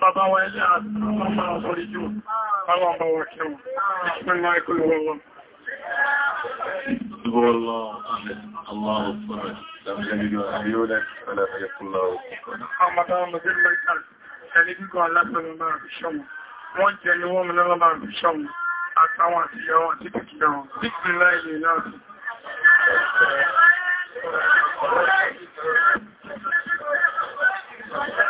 bàbá wa ilé àti ọmọ ọ̀sọ̀rí jù, àwọn ọmọ ọ̀ṣẹ́wò, ìṣẹ́ Michael Wọ́wọ́. والله الله اكبر لم يلد عيونك فلا يكن له كفوا محمد رسول الله ẹni kíkọ́ aláṣẹ́lẹ̀ máa fi ṣọ́mù wọ́n jẹ́ ni wọ́n mìíràn máa fi ṣọ́mù àtàwọn àti ìyàwó àti kìkìyà wọn dípin láìlè láti Thank you.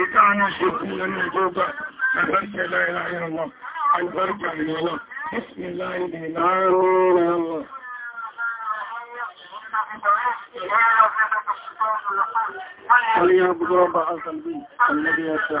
ìtànà ṣe fún ẹni ìjọba àbáríkà láìlá ìrànlọ́ àlùbáríkà ìrànlọ́ بسم الله الرحمن الرحيم وليعبد رب العالمين الذي يسر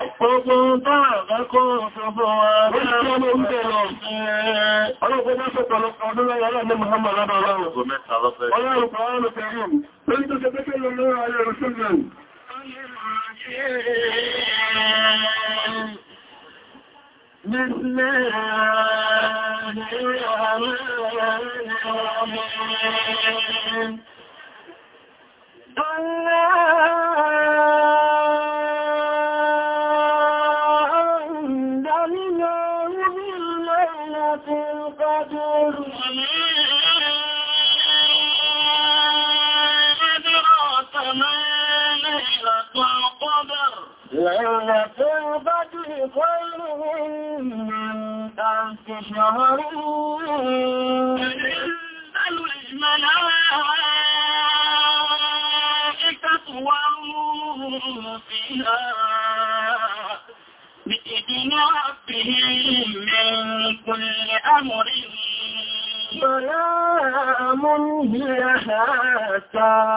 Gbogbo dára kẹ́kọ́ ọ̀sọ̀gbọ̀ بسم الله الرحمن الرحيم الله ليلة البدر خير من ألف شهر تنزل الملائكة والروح فيها بإذن ربهم من كل أمر سلام هي حتى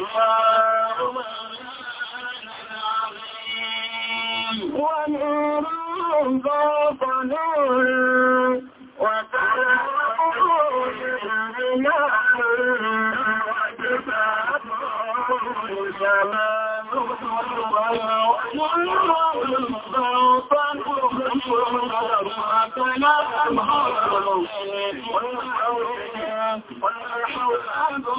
ونور ضاف نور وتنور وكتاب سلام ونور ضاف نور وكلام حول والحول والحول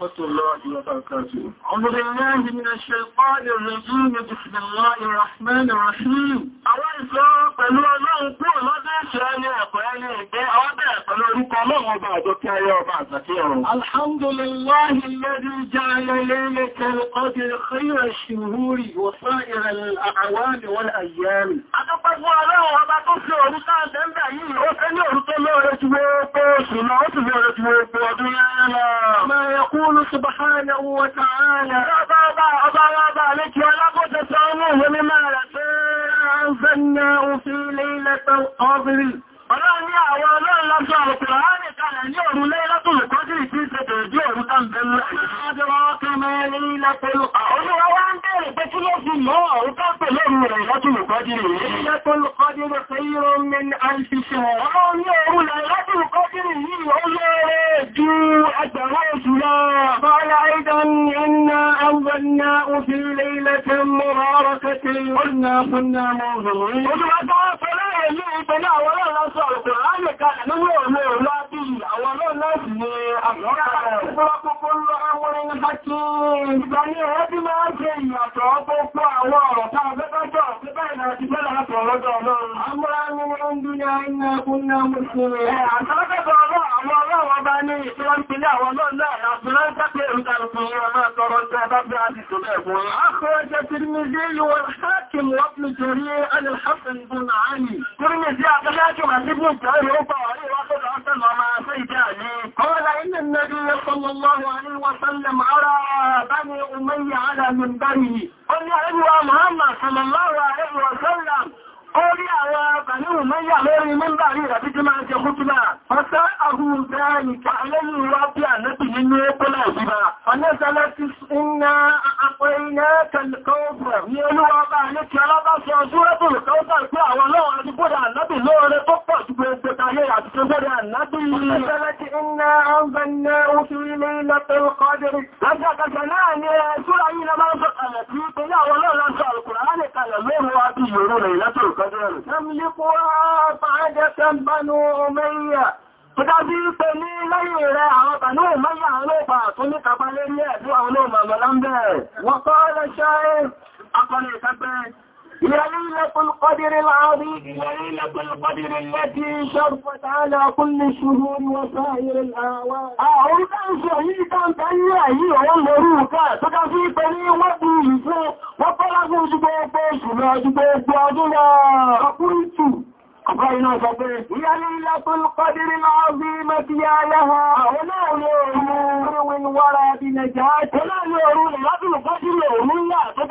الله وبركاته أعوذ بالله من الشيطان الرجيم بسم الله الرحمن الرحيم الحمد لله الذي جعل ليلة القدر خير الشهور وصائر الأعوام والأيام ما يقول سبحانه وتعالى أنزلناه في ليلة القدر أنا يا ولد لا تعرف يعني òru lẹ́yìnlátò lè kọ́jú ìpínṣẹ́ tẹ̀rẹ̀ bí òru tàbí lẹ́yìnlátò ló fi mọ́ àwọn káàpẹ̀ lórí rẹ̀ látùlù kọ́dìrì yìí. Látùlù kọ́dìrì kẹ́yìnrọ̀ mẹ́ni àìsìṣẹ́ ọ̀rọ̀ ní òun rẹ̀ látùlù kọ́dìrì yìí ó lọ́rẹ̀ ju ẹgbẹ̀rún oṣù lọ. Bọ́lá Aidan ẹ̀nà àwọ̀nà òfin lẹ́lẹ́tẹ̀ mọ́rọ̀ ọ̀rọ̀ kẹ́kẹ́ gbogbo àwọn ọ̀rọ̀ táa bẹ́bẹ́jọ́ àti bẹ́ẹ̀ náà ti bẹ́ẹ̀ láti ọ̀rọ̀dọ̀ ọlọ́run. Àwọn àwọn ohun bí i iná kún náà mú sí rẹ̀. Àtàlẹ́gbẹ̀ẹ́ ọlọ́run àwọn ọlọ́run ọba ní ìṣẹ́wọ́n pínlẹ̀ àwọn ọlọ́run náà láti rẹ́ńtẹ́ pé ìrùkàrùkù yìí ọmọ tọrọ jẹ́ bá bí a ti tó mẹ́gbọ́n. أخرج الترمذي والحاكم وابن جرير عن الحسن بن علي الترمذي أخرجه عن ابن جرير وطوالي واخذ حسن وما سيد علي قال إن النبي صلى الله عليه وسلم أرى بني أمية على منبره sallallahu alaihi wa sallam orí àwọn ọkànlẹ́wò mẹ́yà lórí mẹ́mbà rí ìrọ̀bí tí máa jẹ kútùbà ọ̀sá àhùn dáàni ká lẹ́yìn wá bí القدر التي شرفت على كل الشهور وسائر الآوان أعودا شهيدا تياه والمروكا تكفي طريق وديه وطلبوا جبوبوش لا جبوب وعدنا Ọ̀gbọ́n sọ pé, "Ìyá lílá tó ń kọ́dírí máa ń bí mẹ́bí ayáha, àwọn náà lè mú oríwìn wára bí nẹjà, tó náà lè rú ìlàdùn kọ́dírí òun ńlá tó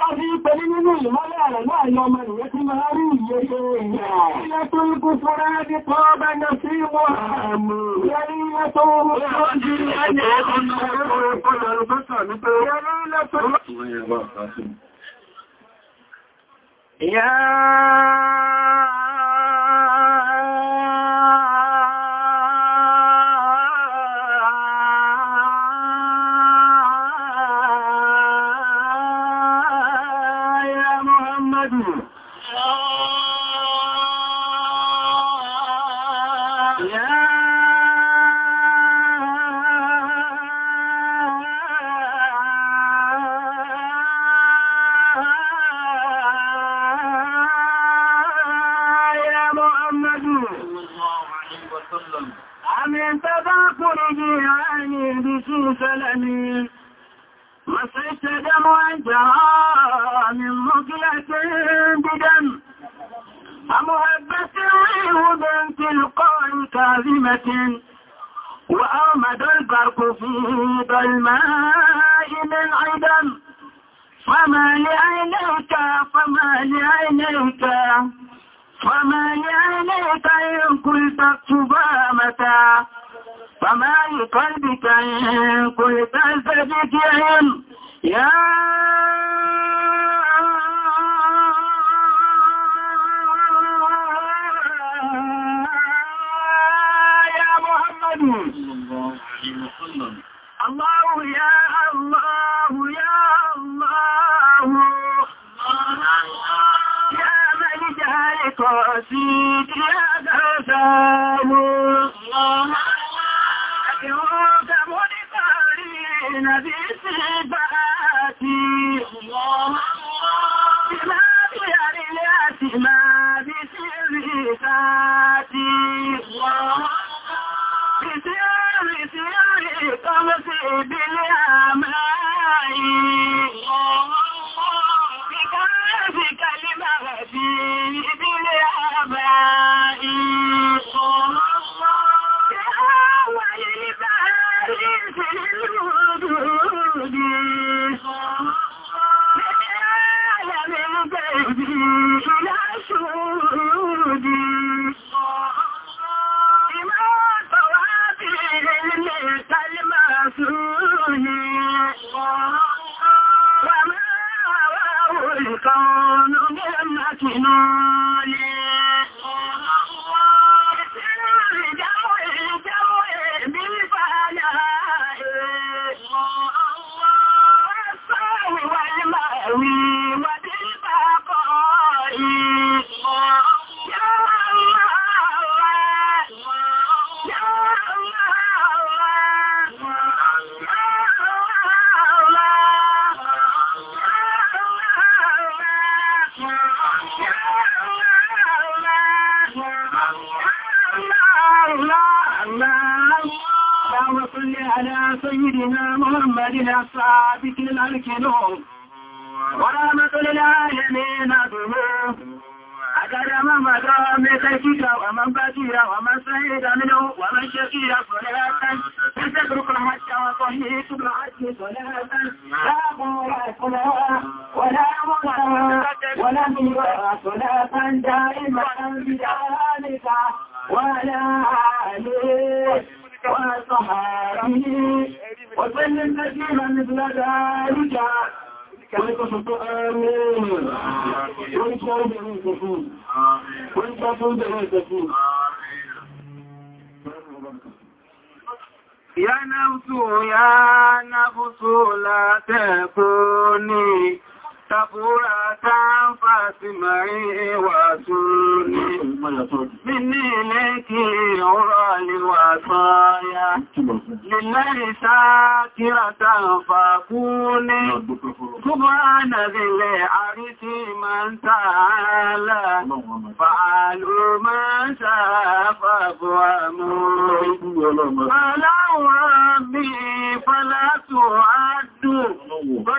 Yeah. sí kí á dáadáa.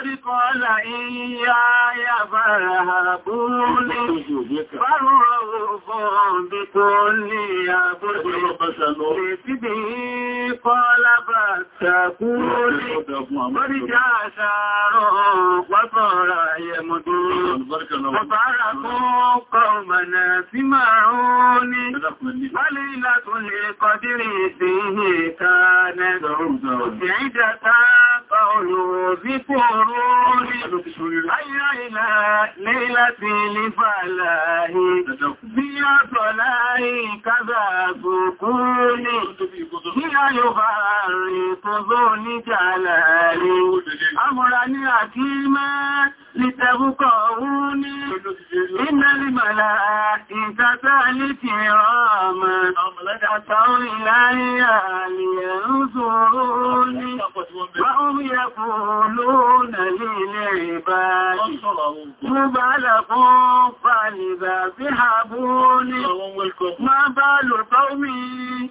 قد قال إياي فارهبوني فالرغف بكل يعبد لسبي قال فاتقوني قد جاء شعر وصار يمدون ففارقوا قومنا سمعوني فليلة القدر فيه كانت بعدة قوله ذكر أين ليلة لفلاه هي طلاه كذا سكون هي يغرق ذون جلال أمرني حكيما لتبقوني إن الملائكة لكراما أتوا إلي لينصروني وهم يقولون للعباد ما لكم فلذا ذهبون ما بال قومي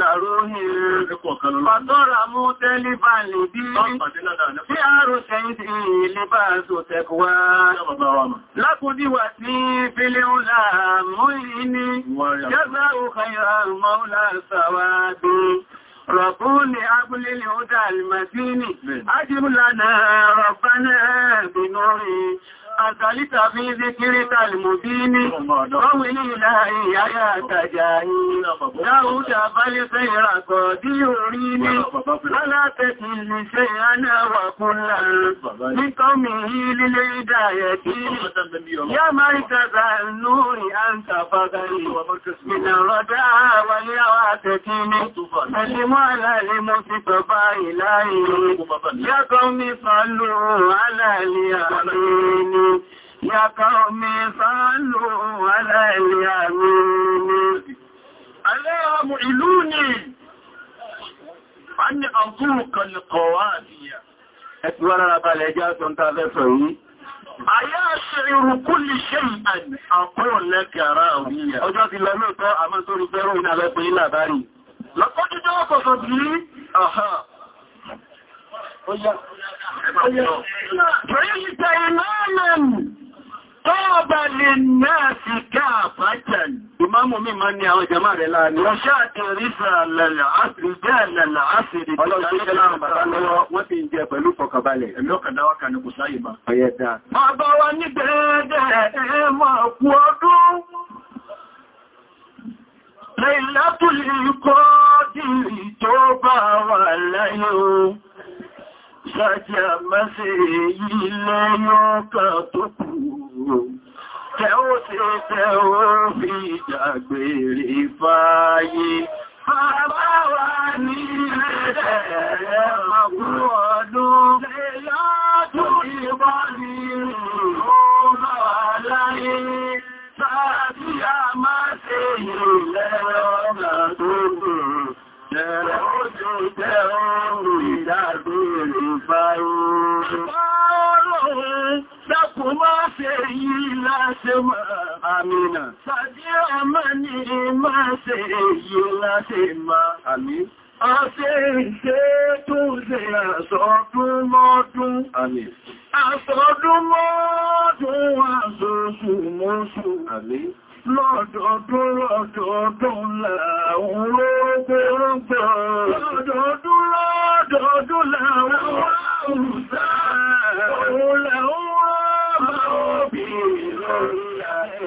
làróhìn Fàtọ́ra mú tẹ́líbà lè bí tí a rò ṣẹ́yìn sí ìlébà tó tẹ́kùwá. Lákúndíwà tí fílé ńlá mú ìní, jẹ́gbà òkàyà mọ́lá sàwádé. ربون أبل الهدى المتين أجب لنا ربنا بنوري àtàlítà fi ń zikiri kalmùbí ní ọwọ́ ilé ìlàrí yáyà àtàjà yìí dáúdà bálé fẹ́ ìràkọ̀ dí orí ní alátẹ́kì ní ṣe anáwà kúnlá ní kọ́mì yìí lílé ìdáyẹ̀ tí yá máríkàzà lórí àǹtàfàgàrí ìnàrọ̀dá wáyé àwọn àtẹ́kì يا قوم صلوا علي مني ألا معلوني أني أنطوق القوانية أتوانا بالي جاتون تغفري أياشعر كل شيئا أقول لك راوية أجاز الله لطاء من سوري بيرون على طيلة باري لقد جاءت صدري أها Oya, oya, oya, oya, oya, oya, Linnáàsì káàfàtàn, ìmáàmù mi máa ní àwọn jàmáà rẹ̀ láàrin. Wọ́n ṣáàtì rífà lẹ́lẹ̀ àṣírí tẹ́ ó ṣe tẹ́ ó fi jàgbèrè fàyè bàbá wa ní ilẹ̀ ẹ̀mọ̀kú ọdún lẹ́yọ́dún ìbọn ní ó bá wà láyé sáàtí a máa ṣe ìrìnlẹ̀ ọ̀nà tó gùn lẹ́rẹ̀ ó ṣe tẹ́ ó ìdàgbèrè fàyè má ṣe yí láṣe àmìnà sàdí ọmọ ní má ṣe yí láṣe má àmì Aṣe ìṣe tó ṣe àṣọ́dún mọ́dún. Àmì. Àṣọ́dún mọ́dún àṣọ́ṣù mọ́ṣù. Àmì. Lọ́dọọdún lọ́dọọdún làwọn olóògbòrógbò. Lọ́dọọdún lọ́dọọdún làwọn olùsáà. Òun làwọn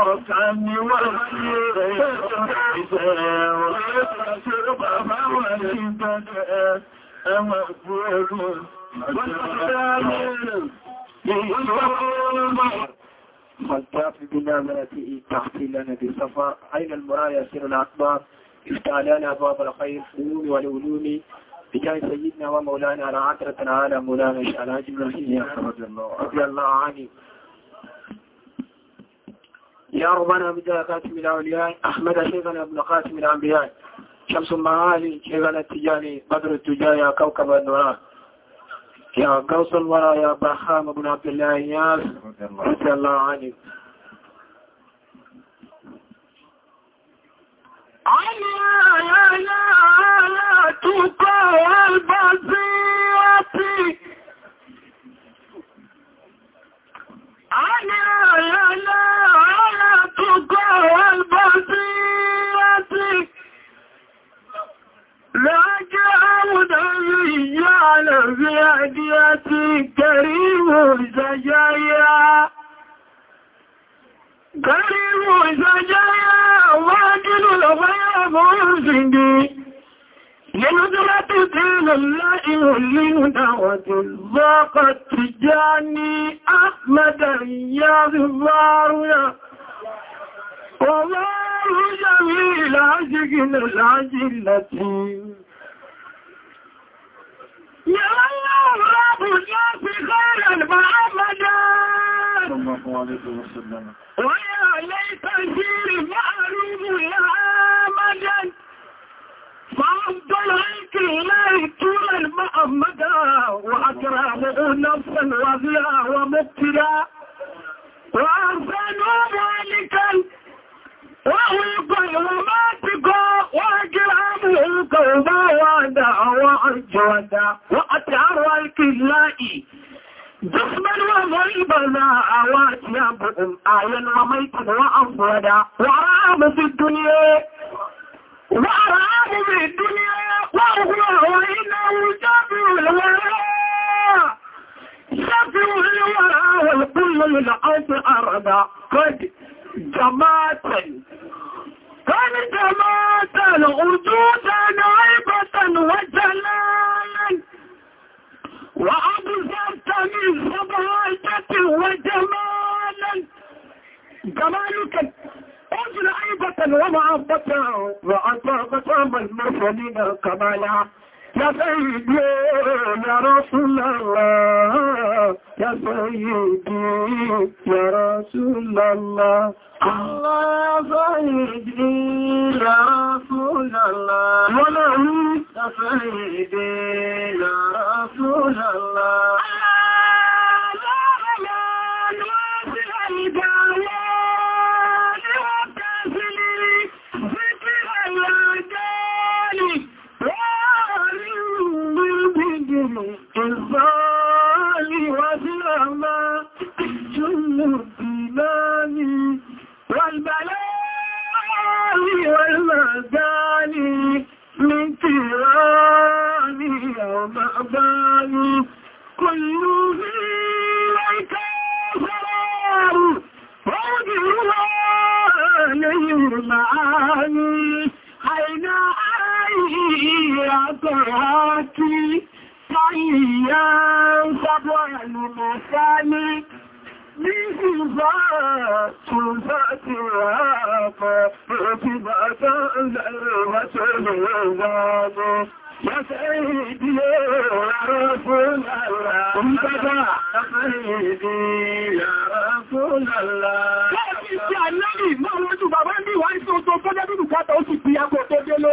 ọ̀tá ni wọ́n sí rẹ̀ ìṣẹ́ ọ̀rẹ́ tí ó bá bá wà ní ìgbẹ́gbẹ́ ẹwọ̀n ìgbú ẹrù ملتاف بنا ملكه تحتي لنا بصفاء أين المرايا سر الأكبر افتح لنا باب الخير العلوم والعلوم بجاه سيدنا ومولانا رعاة تعالى مولانا شعلاج ابراهيم رضي الله عنه يا ربنا بدأ كاتم الأولياء أحمد شيخنا ابن قاسم الأنبياء شمس المعالي شيخنا التجاني بدر التجاري يا كوكب النوراء يا قوس الورى يا بحام بن عبد الله ياس رضي الله عنه عليا يا لا لا تطال بزيتي لعجة مدعي على زياديتي كريم زجايا كريم زجايا واجل الغياب والزندي قال اللائه لمنعوة ضاقت تجاني أحمدا يا ذبارنا وضار جميل عشقنا العجلة يا الله رب الله خيرا محمدا صلى الله عليه وسلم ويا ليت شير معلوم أمدا فأفضل هيك إليه طول المأمدة وأكرمه نفسا وذيا ومبتدا وأحسن ذلكا وهو وماتقا وأكرمه قوما وادا وأجودا وأتعر الكلائي جسما وغيبنا وأتيابهم آيا وميتا وأفودا ورعب في الدنيا وأرعاه به الدنيا وأخرى وإنه شافع الورى شافع الورى والكل من أرض أرض قد جماعة قد جماعة أردودا نائبة وجلالا وأبزرت من سبعة وجمالا جمالك يا سيدي يا رسول الله يا سيدي يا رسول الله الله يا سيدي يا رسول الله ولا يا سيدي يا رسول الله الله لا لا لا لا والمال والأمى جل الإيمان والبلاء والمدان من تيران يوم أبان كل ذلك فرار وجه عليه المعاني حين يا طهاتي ìyá ń sábọ́ àlùmọ̀ sáàmì ní ìgbà tùbá ti rà pọ̀ òkú bá tán lẹ́rọ wá tó lè wọ́n Yọ́sẹ̀ ìdílé ọ̀rọ̀ fún àlà. Oúnjẹ́gbà, yọ́sẹ̀ ìdílé ọ̀rọ̀ fún àlà. Lẹ́ẹ̀kì sí àlẹ́rì, mọ́ wọ́n jù bàbá ní ìwà ìṣòtò tó jẹ́ dúdù káta ó sì fi agbò tó délé.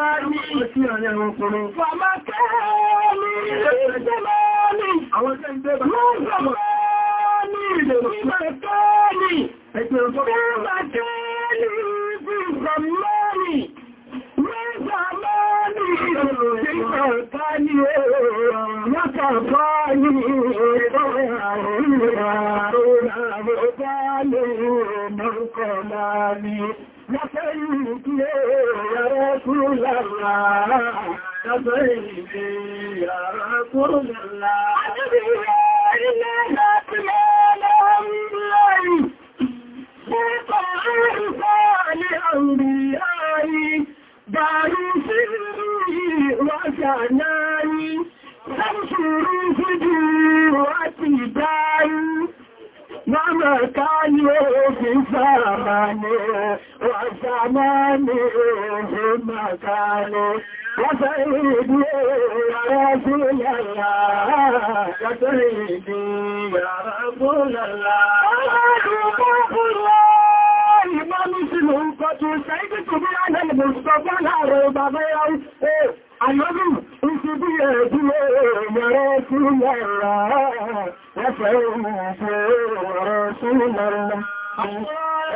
Ẹgbẹ̀rún tó bá wọ́n jẹ́ ìlú ìgbàmọ́rin, wọ́n gbàmọ́rin ìlú ìgbàmọ́rin, wọ́n gbàmọ́rin ìlú ìgbàmọ́rin, wọ́n gbàmọ́rin لبيك يا رسول الله لبيك يا رسول الله داري سري وجناني تنشر فجواتي داري مهما كانوا في زماني وزماني في مكاني وسيدي يا رسول الله يا سيدي يا رسول الله Ìmọ̀ mi sí ló ń kọjú ṣe ìgbẹ̀tù bí ánà ìbùsùn bá láàrin bàbá yáwó. Ànábì ń ti bí ẹ̀dúró ìyẹ̀rẹ́ sí yàrá wọ́fẹ́ ìrìnṣẹ́ ọ̀rọ̀ sí yàrá.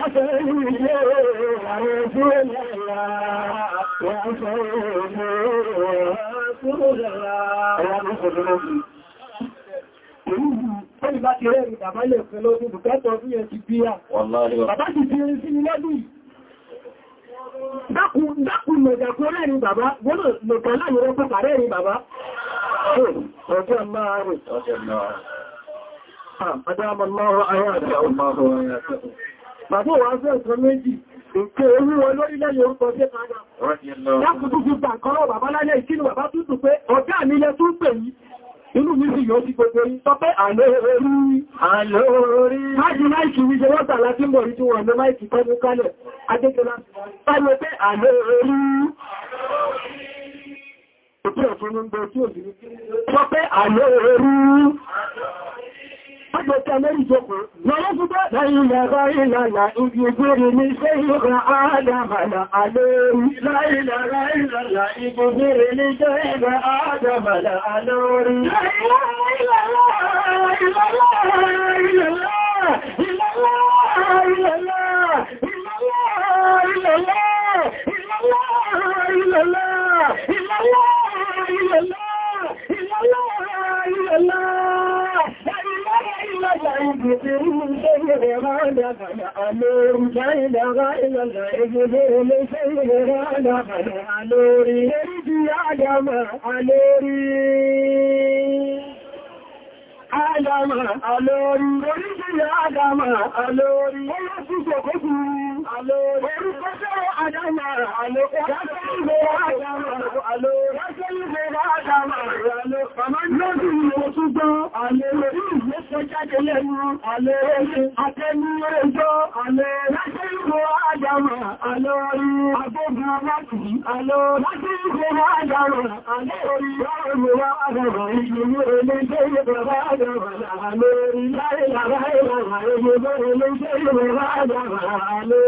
Wọ́fẹ́ ìrìnṣẹ́ ọ̀rọ̀ sí yàrá. Wọ́fẹ́ ìrìnṣẹ́ ọ̀rọ̀ sí yàrá. Bàbá ti rẹ̀ bàbá lè fẹ́ lọ́dún bùkátọ̀ fún ẹ̀ ti bí à. Bàbá ti fi rí sí ilé dùn dákùn lòdàkùn lẹ́rin bàbá gbọ́nà lòkàn láàrin wọ́n pàpà rẹ́rin bàbá ọjọ́ máa rẹ̀ ọjọ́ máa rẹ̀ Ìké oríwọ lórí lẹ́yìn orúkọ sí ẹ̀kọ́ ajá. Lákùtù ti gbà kọ́rọ̀ bàbá lálẹ́ ìkínú bàbá tútù pé ọ̀gá mi lẹ tún pè yìí inú mi sì yóò sí gbogbo yìí sọ pé àlóorí àlóorí májì láìkì ní ṣe wọ́ta láti mọ̀ ìtú wọn lọ máìkì tọ́jú kálẹ̀ adékọlá pàdé pé àlóorí òtí ọ̀tún ní gbọ́ tí òsì sọ pé àlóorí pàdé pé amẹ́rìjọkùn إسماعيل غير لا إجبرني شيخ آدم لعلوم لا إله غير لا إجبرني شيخ آدم لعلوم لا إله إلا الله إلا الله إلا الله إلا الله علوم ليل غائل العجبور سيد رانا على علوري يجي علم علوري علم علوري يجي علم علوري ويسي سكتي Lọ́dí ìwò tún gbọ́, àlè orí ìwò sọ jáde lẹ́nu, àlè orí àtẹ́mí ẹjọ́, àlè láti ìwò àjàmà, àlè orí agbógun láti, àlè láti ìwò àjàmà, àlè orí ìwò àjàmà, ìṣòro ẹlẹ́jẹ́ ìwò àjàmà, àlè orí láìlàrá ìwò àjàmà, ìṣòro ẹlẹ́jẹ́ ìwò àjàmà, àlè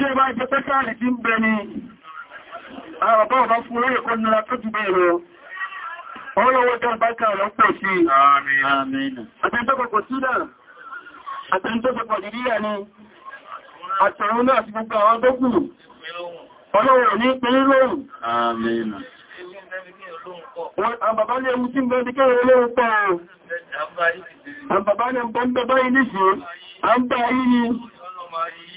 tí ó bá jẹ́ pẹ́kàrì tí ń bẹ ní àbá ọ̀bá fún orí ẹ̀kọ́ nira tó jù bẹ́ẹ̀ lọ ọlọ́wọ́ jẹ́ bákà lọ pẹ̀ sí àtẹ́ntọ́pọ̀pọ̀ sídà àtẹ́ntọ́pọ̀pọ̀ dìríyà ni àtẹ̀rún náà ti gbogbo àwọn tó kù ọlọ́wọ́ ní pẹ̀lú lóòrùn Àwọn bàbá ní ẹmú tí ń bẹ́ẹ̀ díkẹ́ olóòrùn pọ̀ ọ̀rọ̀. Àwọn bàbá ní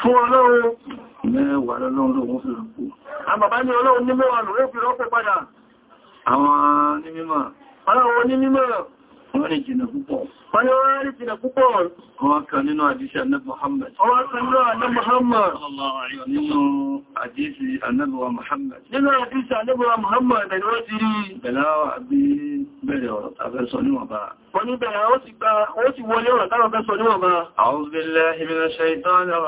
fún ọlọ́run mẹ́wàá lọ́lọ́run ló wọ́n fi a bàbá ní ọlọ́run ní mẹ́wàá lọ́rẹ́ fi padà àwọn onímọ̀ Wọ́n ní jìnà púpọ̀. Wọ́n ní wọ́n rí jìnà púpọ̀. Wọ́n kan nínú àdíṣì Annabi Muhammad. Wọ́n kan nínú Annabi Muhammad. Nínú àdíṣì Annabi Muhammad. Nínú àdíṣì Annabi Muhammad ẹni wọ́n ti rí bẹ̀láwà bí bẹ̀rẹ̀ ọ̀rọ̀ tàbẹ́ sọ níwọ̀n bá. Wọ́n ní bẹ̀rẹ̀ ó ti wọlé ọ̀rọ̀ tàbẹ́ sọ níwọ̀n bá. A'udhu billahi minash shaitanir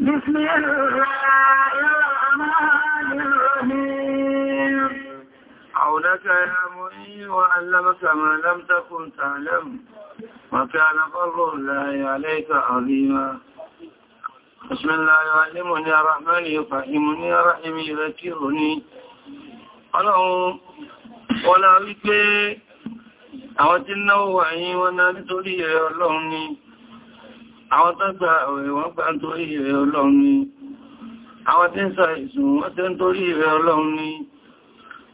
بسم الله الرحمن الرحيم عودك يا معين وعلمك ما لم تكن تعلم وكان فضل الله عليك عظيما بسم الله يعلمني يا رحمن يفهمني يا رحيم يذكرني ọlọ́run ولا láwí pé àwọn tí náwó wà àwọn tó gba ọ̀rẹ́ wọ́n gbà ń torí ìrẹ ọlọ́run ni àwọn tí ń sọ ìsùn wọ́n tẹ́ ń torí ìrẹ ọlọ́run ni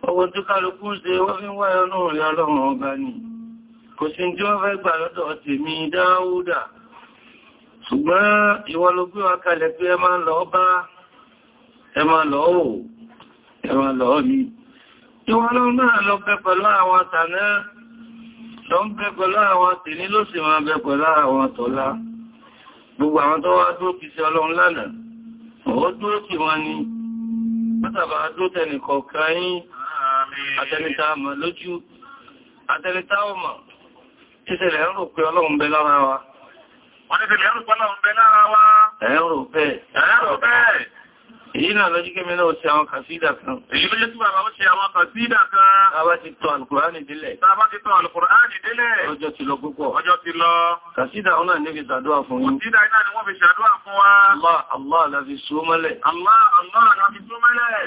owó tí kálukú ṣe wọ́n fi ń wá ẹ̀rọ rẹ̀ ọlọ́run ọba ni kò sí tí wọ́n fẹ́ gbà lọ́dọ̀ tèmi dáúdà ṣùgbọ́n ìwọ ló gbé wa kalẹ̀ pé ẹ máa lọ bá ẹ máa lọ wò ẹ máa pẹ̀lú àwọn tàná lọ ń bẹ pẹ̀lú àwọn tèní ló sì máa bẹ pẹ̀lú àwọn tọ́lá gbogbo àwọn tó wá dúró ti sí ọlọ́run lánàá ó dúró ti wọn ni pátàbà dúró tẹnì kọ̀ọ̀kan yín àtẹnita mọ̀ lójú àtẹnita ọmọ títẹ̀lẹ̀ ń rò pé ọlọ́run bẹ lára wa wọ́n títẹ̀lẹ̀ ń rò pé ọlọ́run bẹ lára wa ẹ̀rọ bẹ́ẹ̀ èyí náà lọ jíkẹ́ mẹ́lẹ́ ọ̀tí àwọn kàsídà kan èyí bí lẹ́tí bàbá ọ̀tí àwọn kàsídà kan tàbá ti tọ alkùránì délẹ̀ tàbá ti tọ alkùránì délẹ̀ ọjọ́ ti lọ púpọ̀ ọjọ́ ti lọ kàsídà ọ̀nà ní fi ṣàdúwà Allah Allah la fi Allah Allah la fi sọ Allah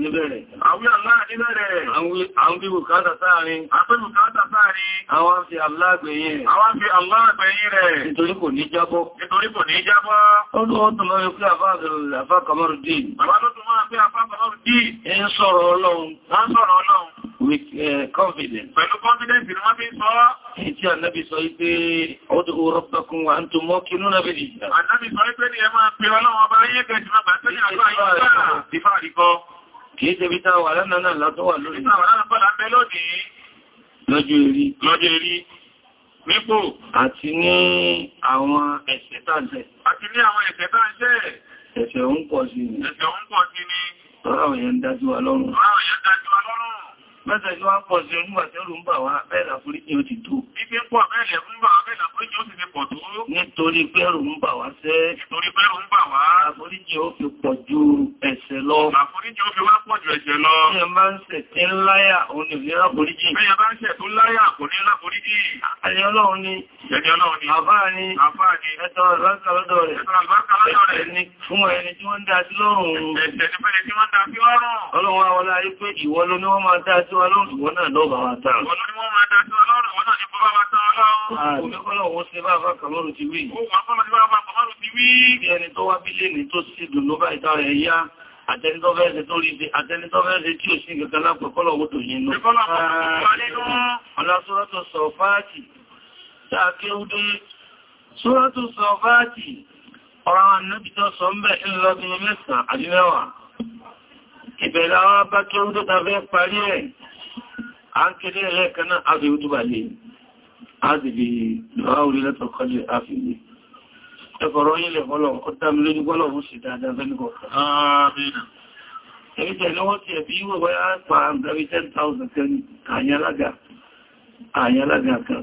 níbẹ̀rẹ̀ àwí Allah níbẹ̀rẹ̀ àwọn bí bùkátà sáàrin àpé bùkátà sáàrin Allah gbẹ̀yìn àwọn fi Allah gbẹ̀yìn rẹ̀ nítorí kò ní jábọ́ nítorí kò ní jábọ́ ọdún ọdún lọ́yọ́ pé àfáà kọmọrùdí Nuruddin. Bàbá ló tún máa fẹ́ àpapọ̀ Nuruddin. Ẹ ń sọ̀rọ̀ Ọlọ́run. A ń sọ̀rọ̀ Ọlọ́run. With uh, confidence. Pẹ̀lú confidence ni wọ́n fi sọ. Ètí ànábì sọ wípé ọdún rabbakum wa antum muqinuna bil ijab. Ànábì sọ wípé ni ẹ máa pe Ọlọ́run ọba yẹ́ gẹ̀ẹ́sì máa bàtẹ́ ìyàgbà ìgbà kìí tẹbi tá wà lánàá náà lọ́tọ́ wà lórí lọ́jọ́ èrí lọ́jọ́ èrí nípò àti ní àwọn ẹ̀ṣẹ̀ tàǹtẹ̀ àti ní àwọn ẹ̀ṣẹ̀ tàǹtẹ̀ Ẹ̀ṣẹ̀ ń pọ̀ sí ni. Ọlọ́run yẹn dájú wa lọ́rùn. Mẹ́sẹ̀ tí wá ń pọ̀ sí onígbà tí ó rú ń bà wá bẹ́ẹ̀lá fúríkí ó ti tó. Ibi ń pọ̀ bẹ́ẹ̀lẹ̀ fún bà wá bẹ́ẹ̀lá fúríkí ó ti ti pọ̀ tó. Nítorí pẹ́rù ń bà wá sẹ́. Nítorí pẹ́rù ń bà wá. Àforíjì ó fi pọ̀ ju ẹ̀ṣẹ̀ lọ. Àforíjì ó fi wá pọ̀ ju ẹ̀ṣẹ̀ lọ. Bí ẹ ọlọ́run ni ẹni ni àfáà ni ẹ̀tọ́ àlùbáríkà rẹ̀ fún ẹni tí wọ́n ń dá sí lọ́rùn ọlọ́run wa ayé pé ìwọ ah, àtẹnitọ́fẹ́ẹ̀sẹ̀ tó rí àtẹnitọ́fẹ́ẹ̀sẹ̀ tí ò sí ìgbẹ̀kan lápẹ̀kọ́lọ̀ owó tó yínú. ọlọ́sọ́rọ́tọ̀ sọ fáàtì tàkéúdé ṣúrọ́tù sọfáàtì ọ̀rọ̀ ànábìtọ́ sọ ń bẹ̀ ìlọ́dún mẹ́sàn àdínẹ́wà ìbẹ̀rẹ̀ àwọn abákéúdé tàbí parí ẹ̀ a ń kéde rẹ̀ kaná àbíwútúbàlẹ̀ àdìbì lọ́wọ́ orílẹ̀-èdè àfihì ẹ̀fọ̀rọ̀ ilẹ̀ fọ́lọ̀ ọ̀dámilójú gbọ́lọ̀ mú sí dáadáa fẹ́ nígbọ̀. Àmìnà. Èyí tẹ̀lé wọ́n ti ẹ̀bí ìwọ̀ bọ́yá 10,000 kan kan.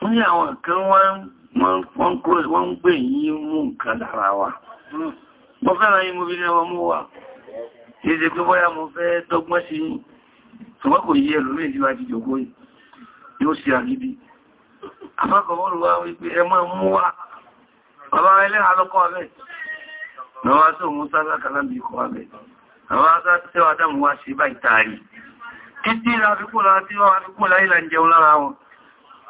wọ́n ní àwọn kan wọ́n kúrò wọ́n ń pè yí mú nǹkan lára wa mo fẹ́ràn yí mo fi lẹ́wọ́ mú wa tí ṣe pé bọ́yá mo fẹ́ dọ́gbọ́n sí ṣùgbọ́n kò yí ẹlòmí ìdí wá jíjò gbóyì yóò ṣe àgídí afẹ́kọ̀ọ́ lùwá wípé ẹ máa mú wa bàbá ẹlẹ́hà lọ́kọ́ abẹ́ àwọn aṣọ́ òun sára kàlábì ikọ̀ abẹ́ àwọn aṣọ́ tẹ́wàá dámù wá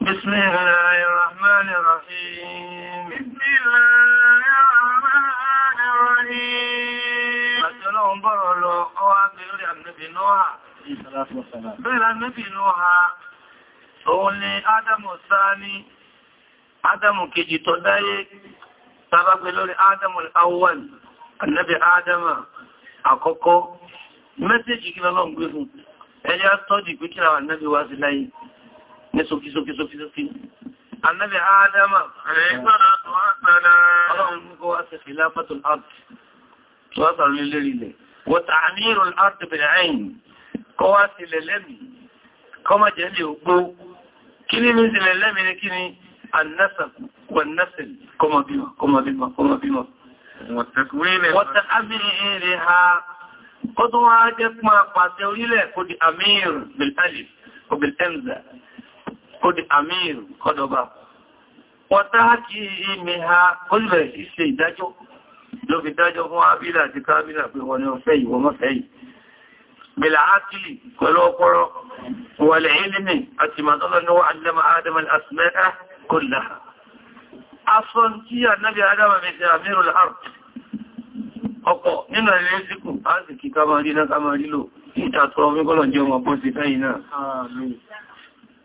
بسم الله الرحمن الرحيم بسم الله الرحمن الرحيم الله برلو أواقر النبي نوح بلا النبي نوح أولي آدم الثاني آدم كجي تداي سبق لوري آدم الأول النبي آدم àkọ́kọ́ mẹ́sẹ̀jì kí lọ́lọ́ ń gbé fún ẹjá tọ́jì pé kí ní sókí sókí sókí sókí. Annabi Adama, ẹ̀rẹ́ ìgbàra tó wá sàrà. Ọlọ́run ní kó wá sí khilafatul ard. Tó wá sàrà lórí ilẹ̀. Wa ta'mirul ard bil 'ayn. Kọ́ wá sílẹ̀ lẹ́mì. Kọ́ má jẹ́ lè ògbó. Kí ní mi sílẹ̀ lẹ́mì ní kí ni? Annasab wan nasl. Kọ́mọ bímọ, kọ́mọ bímọ, kọ́mọ bímọ. Wọ́ta ábìrì ìrìn ha. Ó tún wá jẹ́ pín apàṣẹ orílẹ̀ kó di Amir bil alif, bil hamza ó di amir kọ́dọ̀bà wọ́ta kí ime ha ó sì bẹ̀rẹ̀ sí ìdájọ́ ló fi dájọ́ fún abílà àti kábílà pé wọ́n ni ọ̀fẹ́ ìwọ mọ́fẹ́ yìí bẹ̀lẹ̀ ákìlì pẹ̀lú ọpọlọ wàlẹ̀ ilimi àti màtọ́lọ ni wọ́n allama adam al-asma'a kullaha asọ́n tí annabi adam mẹ́sẹ̀ amirul harp ọkọ̀ nínú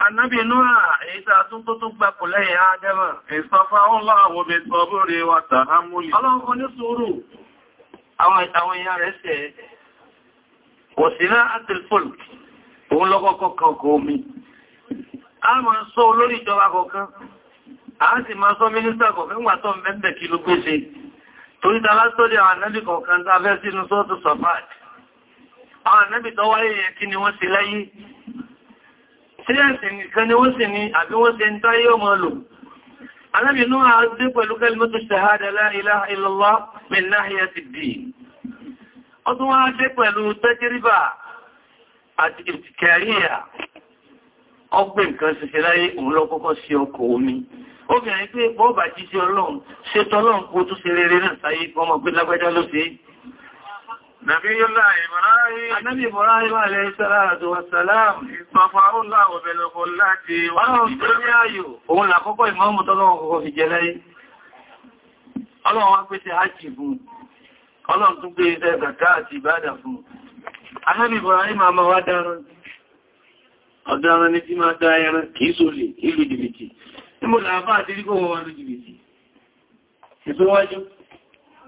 Annabi Nuha èyí tí a tún tó tún gbapò lẹ́yìn Adẹ́mà, ìsọfà ọlọ́wọ́ bẹ sọ́búrí wa tàhámúlì. Ọlọ́run kan ní sùúrù, àwọn èèyàn rẹ̀ ṣẹ̀ wọ̀sílá àtìlfòlù, òun lọ́kọ́kọ́ kan kò omi. A máa sọ olórí ìjọba a sì máa sọ mínísítà kọ̀ọ̀kan wà tọ́ mẹ́bẹ̀ kí ló gbéṣe. Torí ta lásọ́dí àwọn anẹ́bì kọ̀ọ̀kan tá fẹ́ sínú sọ́ọ̀tù sọ̀fàdì. Àwọn anẹ́bì tó wáyé yẹn kí ni wọ́n ṣe tíyẹ̀sì nìkan ni wọ́n sì ní àbí wọ́n se ń táyé ọmọ lò Ànábì Nuh àdé pẹ̀lú kalimatu shahada la ilaha illallah min nahiyati ddin ó tún wá dé pẹ̀lú tẹ́jìríbà àti ìtìkẹ̀ríyà ọgbẹ̀ nǹkan ṣiṣẹ́ láyé òun lọ kọ́kọ́ sí ọkọ̀ omi obìnrin pé bọ́ọ̀bà jíṣẹ́ ọlọ́run ṣe tọ́lọ́run kó tún ṣe rere náà sáyé ọmọ gbé ló ṣe é نبي الله إبراهيم النبي إبراهيم عليه الصلاة والسلام اصطفاه الله بالخلة والإبراهيم òun làkọ́kọ́ ìmọ́mù tọ́lọ́wọ́ kọ́kọ́ fi jẹ láyé ọlọ́run wá pé tí hajji fún ọlọ́run tún gbé iṣẹ́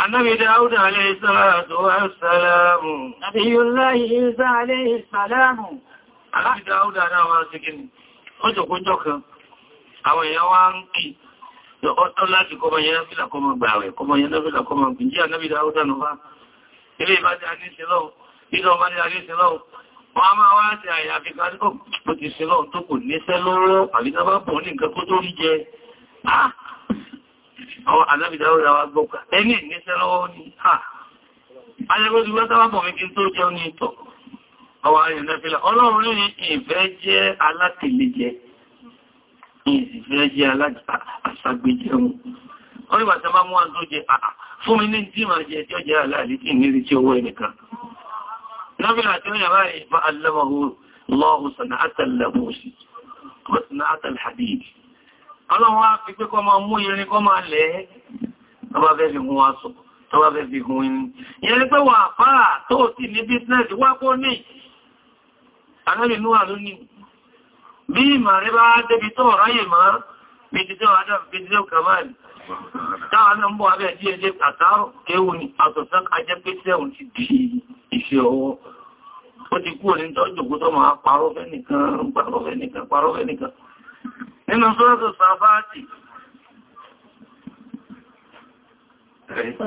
Annabi Dawud alayhi salatu wassalamu. Nabiyullahi Isa alayhi salamu. Annabi Dawud náà wá sí kí ni, ó jòkó jọ kan, àwọn èèyàn wá ń kì lọ́tọ́ láti kọmọ yẹn fílà kọmọ gbàwẹ̀, kọmọ yẹn fílà kọmọ gbìyànjú Annabi Dawud náà wá. Ilé ìbá ti àdíṣẹ́ lọ́wọ́, ìlọ bá ti àdíṣẹ́ lọ́wọ́, wọ́n a máa wá sí àyàfi kan tó kò ti Ah! àwọn àdábìdáwòdà wa gbọ́kà ẹni ìgbésẹ̀ lọ́wọ́ ní à alẹ́gbẹ́sù gbẹ́ta wà bọ̀ mẹ́kí tó jẹ́ ní ìtọ̀ ọwà ìrìnlẹ́fẹ́lá ọlọ́run ní ìfẹ́ jẹ́ alátìlẹ́jẹ́ ìfẹ́ jẹ́ alágbèjẹun ọlọ́gbà tí a bá mú wá tó jẹ fún mi ní tí máa jẹ tí ó jẹ́ aláàrí tí ìnírí tí owó ẹnìkan lọ́bìnà tí ó yà báyìí fa allamahu lọ́hùn sana'atal labusi wa sana'atal ọlọ́run á fi pé kọ́ máa mú irin kọ́ máa lẹ̀ ẹ́ tọba fẹ́ fi hun aṣọ tọba fẹ́ fi hun irin ìyẹn ni pé wà fáà tó sì ní bísínẹ̀sì wá kó ní alẹ́rìnú àlóní bí ìmà rẹ bá débi tó ráyè máa bí ti tẹ́wàá adam bí ti di iṣẹ́ ọwọ́ ó ti kúrò ní tọ́jọ̀gbótọ́ nínú sọ́rọ̀tù sàfáàtì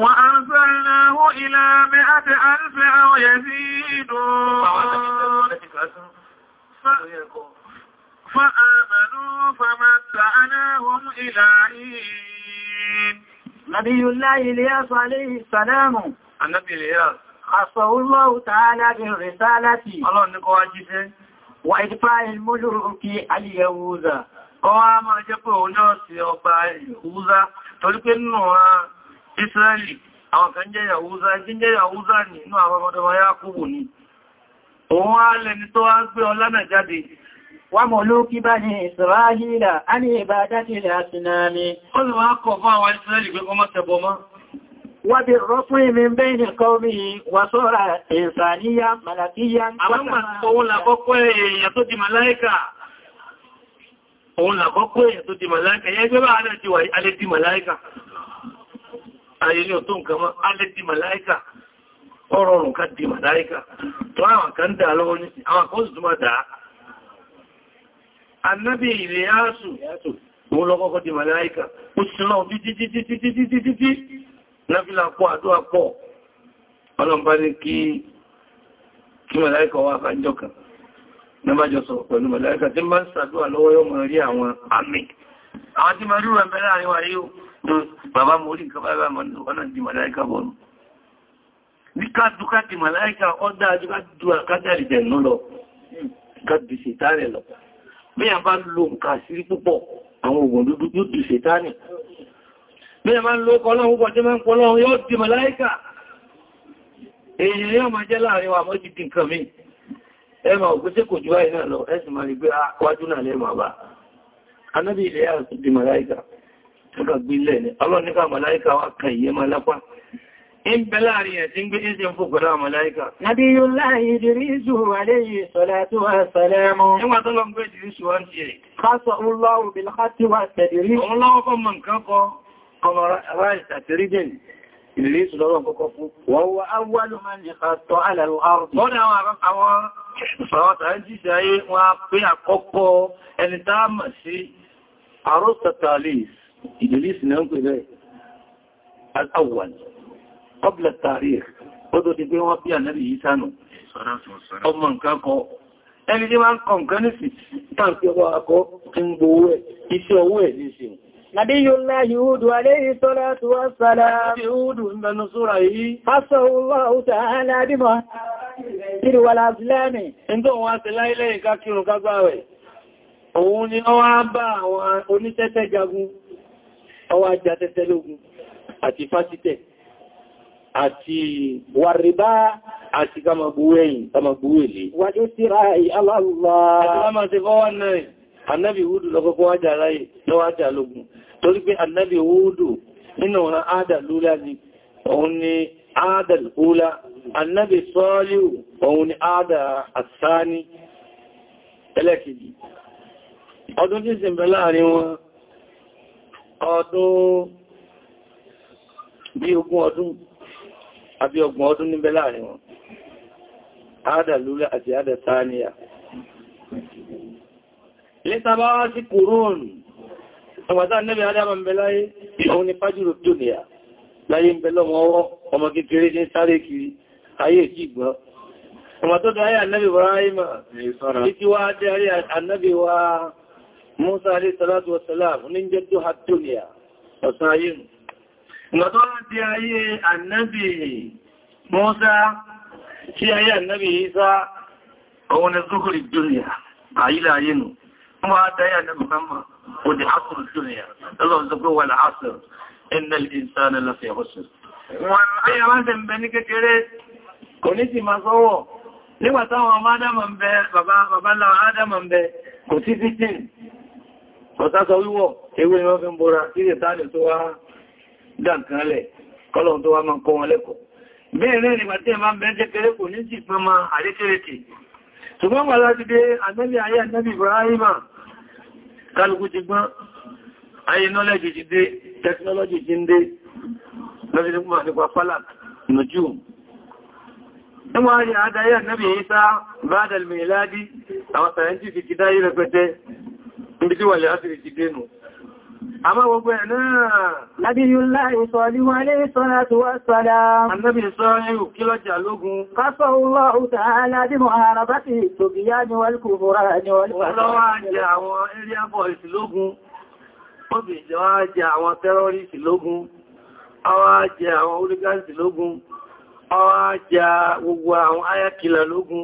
wọ́n an sọ́rọ̀nà hó ilá mẹ́ àti alfẹ́ àwọn yẹ̀sí ìdó fa'amanu famata anahum ilahin Nabiyullahi Ilyas alayhi salamu. Annabi Ilyas. Asọ̀wọ́lọ́wọ́ tààlà bí rìsálàtì. Ọlọ́run alìyàwó zà kọ́ á máa jẹ́ pé òun náà sí ọba Yahuza torí pé nínú ọ̀rán Israeli àwọn kan jẹ́ Yahuza jíjẹ́ Yahuza ní inú àwọn ọmọdọmọ Yakubu ni òun á lẹni tó á gbé ọlánà jáde wà mọ̀ lókí bá ní Israelila a ní ìbá dákìlẹ̀ àtìnàmì ó lè wá kọ̀ fún àwọn Israeli pé kọ́ mọ́ tẹ̀bọ̀ mọ́ wábi rọ́fún ìmìn bẹ́ẹ̀ni kọ́mí wàsọ́ra ìsàníyà màlàkíyà òun làkọ́kọ́ èyàn tó di màláìkà yẹ́ gbé bá alẹ́ ti wà alẹ́ di màláìkà ayé ní ọ̀tọ́ nǹkan mọ́ alẹ́ di màláìkà ọ̀rọ̀ ọ̀rùn ká di màláìkà tó àwọn kan dà lọ́wọ́ ní àwọn kan sì máa dáa annabi ilẹ̀ yáàsù òun lọ́kọ́kọ́ di màláìkà ó sì náà bí títítítítítítítí náfílà pọ̀ àdúrà pọ̀ ọlọ́mbá ní kí màláìkà wà fàájọ́ kan níbájọ sọ̀rọ̀ pẹ̀lú mọ̀láíkà tí máa ń sàdúwà lọ́wọ́ yóò mọ̀ rí àwọn àmì àwọn tí máa rí rẹ̀ mẹ́rin àríwá yóò ní bàbá mọ̀ orí nǹkan bàbá mọ̀ ní ọ̀nà di mọ̀láíkà bọ̀nù ní kádùká ti mọ̀láíkà ọ́dá adúgbàdúwà kádàrí jẹ̀ nú lọ kádù sètánì lọ bí a bá lo nǹkan àṣírí púpọ̀ àwọn oògùn dúdú yóò dù sètánì bí a máa ń lo kọlọ́run púpọ̀ tí máa ń kọlọ́run yóò ẹmà òpésẹ́ kò jùwá iná lọ ẹ̀sì máa rí pé ah, wájú náà lẹ́mà bá anábì ilẹ̀ yà sí di màláìkà ọkà gbílẹ̀ ni ọlọ́nìká màláìkà wá kan ìyẹ́ máa lápá in bẹ láàrin ẹ̀ tí ń gbé ẹsẹ̀ fún pẹ̀lú àmàláìkà. nàbíyún láàrin ìdírísù aléyìí sọ̀látí wà sàlẹ́mù. nígbà tó lọ ń gbé ìdírísù wá ń tiẹ̀. kásọ̀ ọlọ́wọ̀ bí láti wà tẹ̀dìrí. ọlọ́wọ́ kọ́ mọ̀ nǹkan kọ́ ọmọ ráìsì àtẹ̀rídìn ìdírísù lọ́rọ̀ kọ́kọ́ fún. wọ́n wá Àwọn tàbí jíṣẹ́ ayé wọn a pín àkọ́kọ́ ẹni táà mọ̀ sí Aristoteles, Idris ni ó ń pè rẹ̀, al-awwal, tarikh ó tó ti pé wọ́n bí ànábì yìí sánù, ọmọ nǹkan kọ. Ẹni tí máa ń kọ nǹkan نبي الله هود عليه الصلاة والسلام هود من سورة حصه الله تعالى بما كير والأسلام انتم واسلا إليه كاكير كاكاوي òun ni ọwọ́ bá àwọn onítẹ́tẹ́ jagun ọwọ́ ajá tẹ́tẹ́ lógun àti fásitẹ̀ àti wàrìbá àti kamagbúwé yìí kamagbúwé lè wájú síra ìyálàlá àti wọ́n máa ti fọ́wọ́ náà annabi hudu lọ́kọ́kọ́ wájà láyé lọ́wọ́ ajá lógun torí pé annabi Hudu nínú ọ̀rọ̀ ádàlúlá ni òun ni ádàlúlá annabi Sọ́líù òun ni ádà àsáni ẹlẹ́kìdì ọdún tí sì bẹ láàrin wọn ọdún bí ogún ọdún àbí ọgbọ̀n ọdún níbẹ̀ láàrin wọn ádàlúlá àti ádà sáníyà lẹ́tàbá sí kòrónù Àgbàtà nẹ́bẹ̀ Adama ń bẹ láyé, òun ni fájúrò dúnìyà, láyé ń bẹ lọ́mọ ọwọ́, ọmọ kékeré ní sáré kiri, ayé ìjìgbọ́. Ọmọ tó dáyé ànẹ́bẹ̀ Ibrahima, títí wá dé Musa alayhi salatu wa salam, ní jẹ́ tó ha dúnìyà, ọ̀sán ayé ànẹ́bẹ̀ Musa, tí ayé ànẹ́bẹ̀ Isa, òun ni zúkúrì dúnìyà, àyílẹ̀ ayé nù. Wọ́n wá dáyé ànẹ́bẹ̀ Muhammad. ودي عصر الدنيا الله سبحانه والعصر إن الإنسان لفي خسر وأي رازم بنك كريت كنتي ما صوه nígbà táwọn ọmọ ádámà ń bẹ bàbá láwọn ádámà ń bẹ kò sí fítín ọ̀sásọ wíwọ̀ ewé ni wọ́n fi ń bóra títẹ̀ tààlẹ̀ tó wá dáǹkanlẹ̀ kọ́lọ̀ tó wá máa kọ́ wọn lẹ́kọ̀ọ́ bẹ́ẹ̀rẹ́ nígbà tí ẹ máa ń bẹ́ jẹ́ kéré kò ní sí ìpínmọ́ àrékèrèkè ṣùgbọ́n wà láti dé àgbẹ́lẹ̀ ayé àgbẹ́lẹ̀ Ibrahima kálukú ti gbọ́n ayé nọ́lẹ́jì ti dé tẹkinọ́lọ́jì ti ń dé lọ́sílẹ̀ fún àdípa falak nùjú níwọ̀n ayé adáyé ànábì Ìsá bádàl mìláàdí àwọn sàrẹ́ntì fi kìdáyé rẹpẹtẹ níbi tí wà lè àmọ́ gbogbo ẹ̀ náà lábíyúnlá ìṣọ̀líwọ́ alẹ́ ìṣọ́lá tó wá sọ́lá annabi sọ́rọ̀ kí lọ́jà lógún kásọ̀ ọlọ́ òtà aládìmọ̀ àràbátì tòbíyá ni wọ́n kò fòrà ni wọ́n lọ́wọ́ àjẹ́ àwọn area boys lógún obìnjẹ́ wá jẹ́ àwọn terrorist lógún ọwá jẹ́ àwọn hooligans lógún ọwá jẹ́ gbogbo àwọn ayakila lógún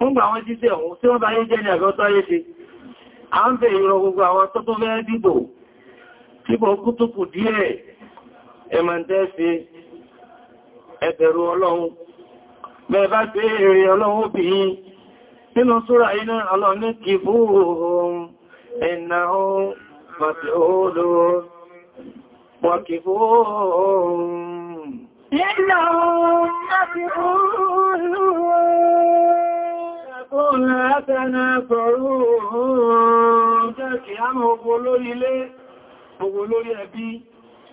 fún gbà wọ́n jíṣẹ́ òun tí wọ́n bá yé jẹ́ ní àgọ́tọ́ ayé ṣe a ń bẹ̀ ìrọ gbogbo àwọn tó tó fẹ́ dìbò tí bọ̀ kútùkù díẹ̀ ẹmọ̀ntẹ́sí ẹbẹ̀rù ọlọ́run bẹ́ẹ̀ bá pé èrè ọlọ́run obìnrin قل لا تنافعون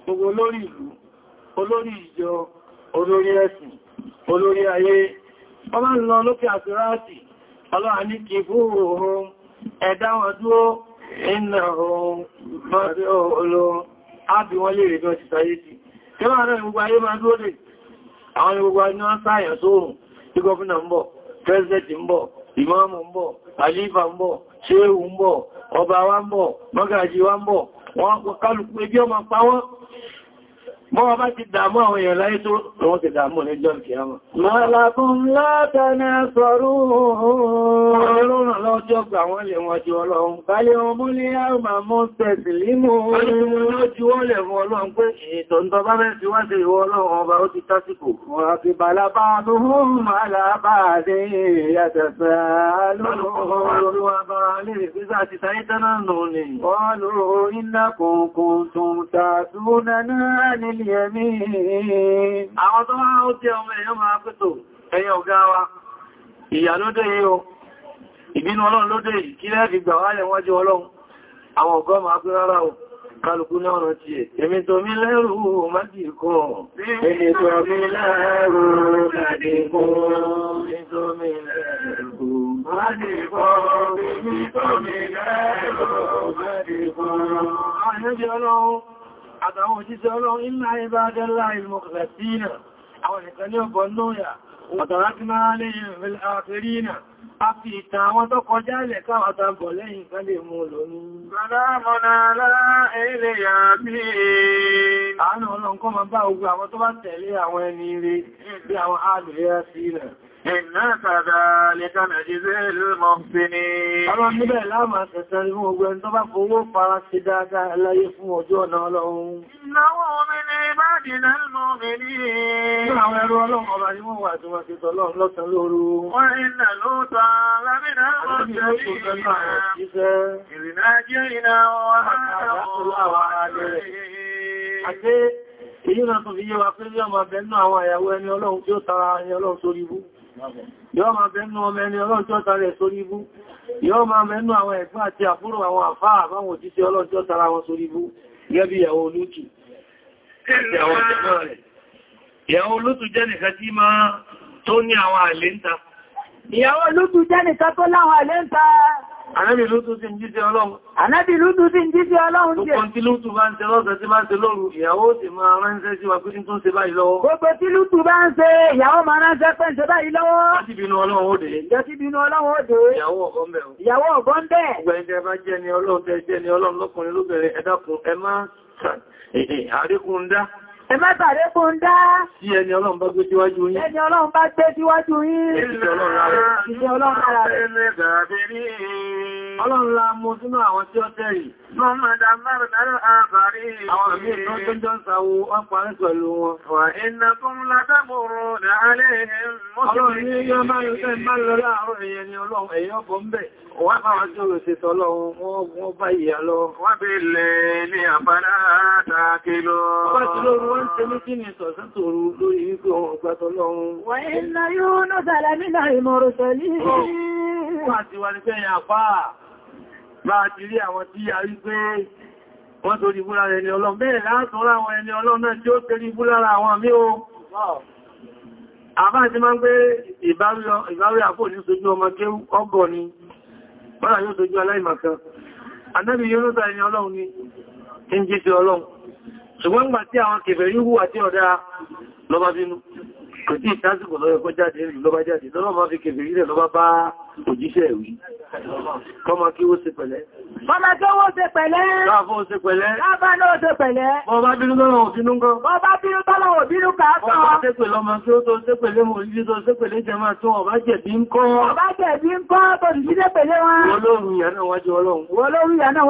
olórí olori olori ayé ọmọ lọ lókè àtúrásì ní kí fúhùn ẹ̀dá wọn dúró iná ohun mọ́rí ábí wọn lè rí gan ti sí kí wọ́n rẹ̀ gbogbo ayé máa àwọn gbogbo ayé ìmáàmù ń bọ̀ àlífà ń bọ̀ ṣéhù ń bọ̀ ọba wa ń bọ̀ mọ́gàjí wa ń bọ̀ wọ́n kálùkù ẹbí ọmọ pa Bọ́wọ́ bá ti dàmú àwọn èèyàn láyé tó wọ́n ti dàmú ní jọ́ kìí àmà. Màlàkùn látà ní sọ̀rọ̀ oòrùn lọ́jọ́ gbà wọ́n lè wọ́n jù ọlọ́run. Kálé ọmú ní àmà mọ́ tẹ̀sì límú oòrùn lọ́jọ́ wọ́n lè wọ́n ọlọ́run pé ètò ń tọ́bá mẹ́ ti wá sí ìwọ ọlọ́run ọba ó ti tásìkò. Wọ́n á fi bàlábá lóhùn màlàbá dé yàtẹ̀fẹ́ alóhùn yẹmí. Àwọn tó máa ó jẹ́ ọmọ èèyàn máa pẹ́tò ẹyẹ ọ̀gá wa, ìyà lóde yìí o, ìbínú ọlọ́run lóde yìí kí lẹ́ẹ̀fì gbà wáyẹ̀ wájú ọlọ́run, àwọn ọ̀gá máa pẹ́ rárá o kálukú ní ọ̀nà tí ẹ̀. Èmi tó mi lẹ́rù májì kọ́. Èmi tó mi lẹ́rù májì kọ́. Èmi tó mi lẹ́rù májì kọ́. Èmi tó mi lẹ́rù májì kọ́ àtàwọn òjíṣẹ́ ọlọ́run iná ìbádẹ́lá ìmọ̀kùnlẹ̀sínà àwọn ìtẹ́lẹ̀ ọgbọ̀nlóyà ọ̀tọ̀látímára lẹ́yìn ìrìnlẹ̀ a fi ìtàn àwọn tó kọjá ilẹ̀ káwà ta bọ̀ lẹ́yìn kan lè mú lónìí. Bàdá mọ́nà lára ilẹ̀ yà bí i. Àánà ọlọ́nkọ́ ma bá ogun àwọn tó Iná kàdà lè kànà jíze ìlú mọ̀ sí ni. Ọlọ́run níbẹ̀ láàmà ṣẹ̀ṣẹ̀ rí fún ogun tó bá fowó fara sí dáadáa láyé fún ọjọ́ ọ̀nà ọlọ́run. Ìnáwó mi ni ìbádìnà mọ̀ mi ní. Àwọn ẹrú ọlọ́run ọba ni wọ́n wà tí wọ́n ti tọ́lọ́run lọ́tàn lóru. Wọ́n ìnà lóòtà lábínà Àti èyí náà tó fi yé wa pé ní ọmọ abẹ náà àwọn àyàwó ẹni ọlọ́run tí ó tara ẹni ọlọ́run sórí ibú yọ́ máa bẹ́nu ọmọ ẹni ọlọ́njọ́ tara ẹ̀ sórí ibú yọ́ máa mẹ́nu àwọn ẹ̀gbọ́n àti àbúrò àwọn àfáà àbáwọn òjíṣẹ́ ọlọ́njọ́ tara wọn sórí ibú gẹ́bí ìyàwó olótù ìyàwó olótù jẹ́ nìkan tí máa tó ní àwọn àlẹ́ńta ìyàwó olótù jẹ́ nìkan tó àlẹ́ńta Ànábì lútù sí jíṣẹ́ ọlọ́run. Ànábì lútù sí jíṣẹ́ ọlọ́run jẹ́. Gbogbo tí lútù bá ń ṣe lọ́sẹ̀ tí máa ń ṣe lóru, ìyàwó sì máa ránṣẹ́ sí wa pín tó ń ṣe báyìí lọ́wọ́. Gbogbo tí lútù bá ń ṣe, ìyàwó máa ránṣẹ́ pẹ́ ń ṣe báyìí lọ́wọ́. Láti bínú ọlọ́run ó dé. Jẹ́ sí bínú ọlọ́run Ẹmẹ́ tàrí fún dá. Sí ẹni ọlọ́run bá gbé síwájú yín. Ẹni ọlọ́run bá gbé síwájú yín. Ìṣẹ́ ọlọ́run ara rẹ̀. Ọlọ́run la mú sínú àwọn tí ó tẹ́rì. Mọ́mọ̀dá mẹ́rin náà àbárí. Àwọn àmì ìtọ́ tó jọ ń sàwó wọ́n parí pẹ̀lú wọn. Wà iná fún látàbòrò ní alẹ́ ẹ̀hìn mọ́sílẹ̀. Ọlọ́run ní yọ́ máa yóò tẹ́ wọ́n máa jù sí tọ́lọ́run wọ́n bá ìyà lọ. Wọ́n bí lè ní àbádá tààkì lọ. Ọba ti lóru wọ́n tẹ́ mú kí ní sọ̀sán tòru lórí wípé wọn ọgbà tọ́lọ́run. Wọ́n iná yóò náà sàlẹ̀ nínà ìmọ̀rọ̀ sẹ́lẹ̀. Wọ́n àti wà ní pé ẹ̀yà pàá. Bá ti rí àwọn tí a rí pé wọ́n tó rí ọgọ́ ni bára yóò dojú aláìmọ̀kan anábì Yúnúsà ẹni ọlọ́run ni tí ń jí sí ọlọ́run ṣùgbọ́n ń gbà tí àwọn kèfèrí hù àti ọ̀dá lọ́bá bínú kò tí ìtásìkò lọ́yọ̀kọ́ jáde lọ́bá jáde lọ́bá fi kèfèrí rẹ̀ lọ́bá bá òjíṣẹ́ ìwí. Kọ́mọ kí ó ṣe pẹ̀lẹ́. Kọ́mọ kí ó ṣe pẹ̀lẹ́. Káàfún ó ṣe pẹ̀lẹ́. Káàbá náà ṣe pẹ̀lẹ́. Bọ́ọ̀bá bínú lọ́rọ̀ òbínú gan. Bọ́ọ̀bá bínú tọ́lọ̀ òbínú kàátọ̀. Bọ́ọ̀bá ṣépè lọ́mọ kí ó tó ṣépè lé mọ̀ ìdí tó ṣépè lé jẹma tó ọ̀bá jẹ̀bí ń kọ́. Ọ̀bá jẹ̀bí ń kọ́ tó ti ṣíṣẹ́ pẹ̀lé wọn. Olóòrùn ìyà náà wájú Ọlọ́run. Olóòrùn ìyà náà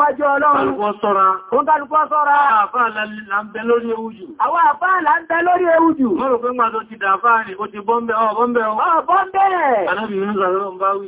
bá wí.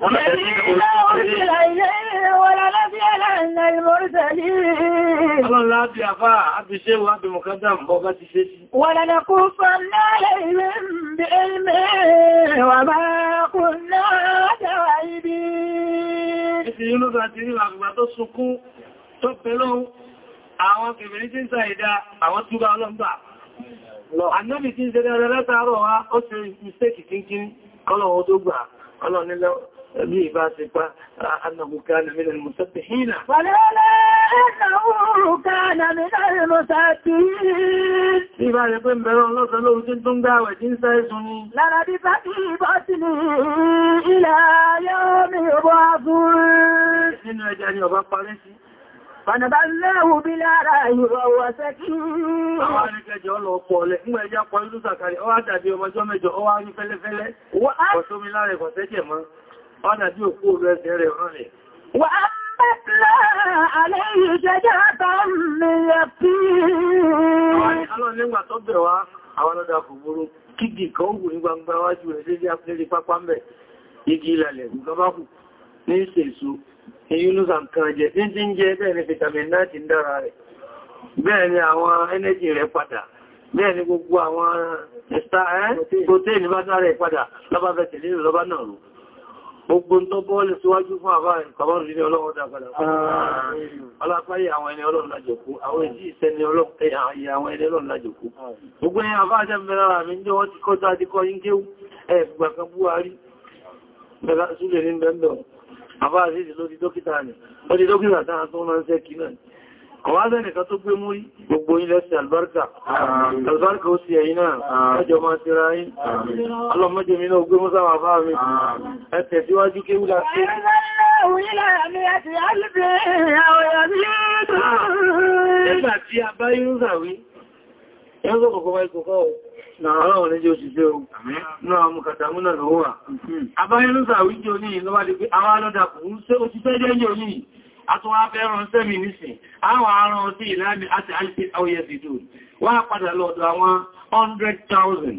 Ọlọ́run láti àfá àbíṣẹ́ wà bí mọ̀kádà mọ́ bá ti ṣe sí. Wàlá na kú fọ́nà lẹ́yìnlẹ́ bí ilmẹ́ wà bá kú náà dáwà ibi. Ìsì yínú bá ti rí àgbà tó sunkún tó pẹ̀lú àwọn kèbèrè tí ń sa ìdá àwọn túbá ọlọ́mbà. Ànábì tí ń ṣe dáadáa látàárọ̀ wá, ó ṣe mistake kínkín, kọ́lọ̀ bí ìbá ti pa annàmùká na mílẹ̀ mùsàtì hìnà. Fàlẹ́lẹ́ ẹ̀nàmùká na mílẹ̀ mùsàtì hìnà. Ìbá rẹ̀ pé mẹ́rọ lọ́sàn lóòrùn tí tó ń gbáwẹ̀ tí ń sáyé sun ni. Lára bí bá kí ìbọ́ sí ni ilẹ̀ yóò mi ọbọ̀ fún. Nínú ẹja ni ọba parí sí. Fànàbálẹ́hù bí lára ìrọ̀ wọ̀sẹ́ kí ọ̀nà tí òkú rẹ̀ rẹ̀ rán rẹ̀. Wà á mẹ́fìlá alẹ́ ìjẹjẹ́ àtàrí ẹ̀fí. Àwọn nígbà tó bẹ̀ wá, àwọn ọ̀dá kò burú, kígì kan wù ní gbangba wájú rẹ̀ lé jáfẹ́lé pápá mẹ́, igi ìlàlẹ̀ nǹkan bá kù ní ìṣèṣù, èyí ló sàǹkan jẹ, tí ti ń jẹ bẹ́ẹ̀ ni vitamin ni àwọn ẹnẹ́jì rẹ̀ padà, bẹ́ẹ̀ ni gbogbo àwọn ẹ̀ta eh, ẹ́ protein bá dára rẹ̀ lọ́bá bẹ̀ tẹ̀lé lọ́bá náà rò. Gbogbo tó bọ́ọ̀lẹ̀ síwájú fún àbá ìkàbọ̀rù nílé ọlọ́run dágbàdà. Alápáyé àwọn ẹni ọlọ́run lájòkú, àwọn èjì ìsẹni ọlọ́run ẹ̀yà àwọn ẹni ọlọ́run lájòkú. Gbogbo ẹ̀yà àbá àjẹ́ mẹ́lára mi ń jẹ́ wọ́n ti kọ́ tó àdíkọ́ yínkéwú, ẹ̀ẹ̀gbà kan búhárí, mẹ́lá súlẹ̀ ní bẹ́ndọ̀. Àbá ni, ó di dókítà Kọ̀wázẹ́ nìkan tó gbé múrí gbogbo ilẹ̀ sí albarka, albarka ó sì ẹ̀yìn náà, ẹjọ máa ti ra yìí, alọ́mọ́jẹ mi náà gbé mú sáwà fáà mi, ẹ tẹ̀síwájú kí wúlá sí. Ẹgbà tí a bá yírú sàwí, ẹgbà kọ̀kọ́ wáyé kọ̀kọ́ Nàárọ̀ wọn jẹ́ òṣìṣẹ́ ohun, náà mú kàtàmú náà lọ́wọ́ à. Àbáyé ń sàwí jẹ́ oníyìn lọ́wọ́ di pé àwọn alọ́dà kò ń ṣe òṣìṣẹ́ jẹ́ oníyìn àtún afẹ́ràn sẹ́mì nísìn àwọn aràn sí ìlànà àti àìsí àwòyẹ̀ sí dùn wọ́n á padà lọ́dọ̀ àwọn 100,000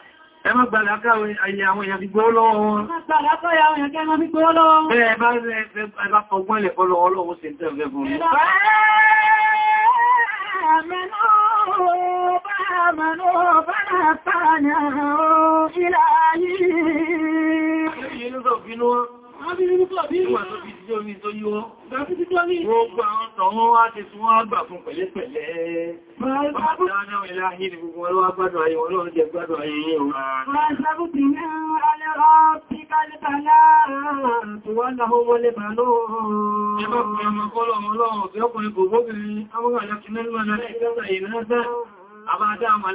Ẹmọ́ gbàlákà ayé àwọn èèyàn gbígbó lọ́wọ́ wọn. Gbàlákà ayé àwọn èèyàn gbígbó lọ́wọ́ wọn. Bẹ́ẹ̀ bá rẹ̀ ẹbá fọgbọ́n ilẹ̀ fọ́lọ́ ọlọ́wọ́ sí ìtẹ́ tí omi tó yíó gbogbo àwọn tọ̀wọ́n wá ti tún wá gbà fún pẹ̀lẹ́pẹ̀lẹ́ Ọjọ́ ìlàhí ni gbogbo ọlọ́wà gbádùn ayé wọn lọ́rọ̀ jẹ gbádùn ayé yìí o. Máa ṣẹ́bù ti ní náà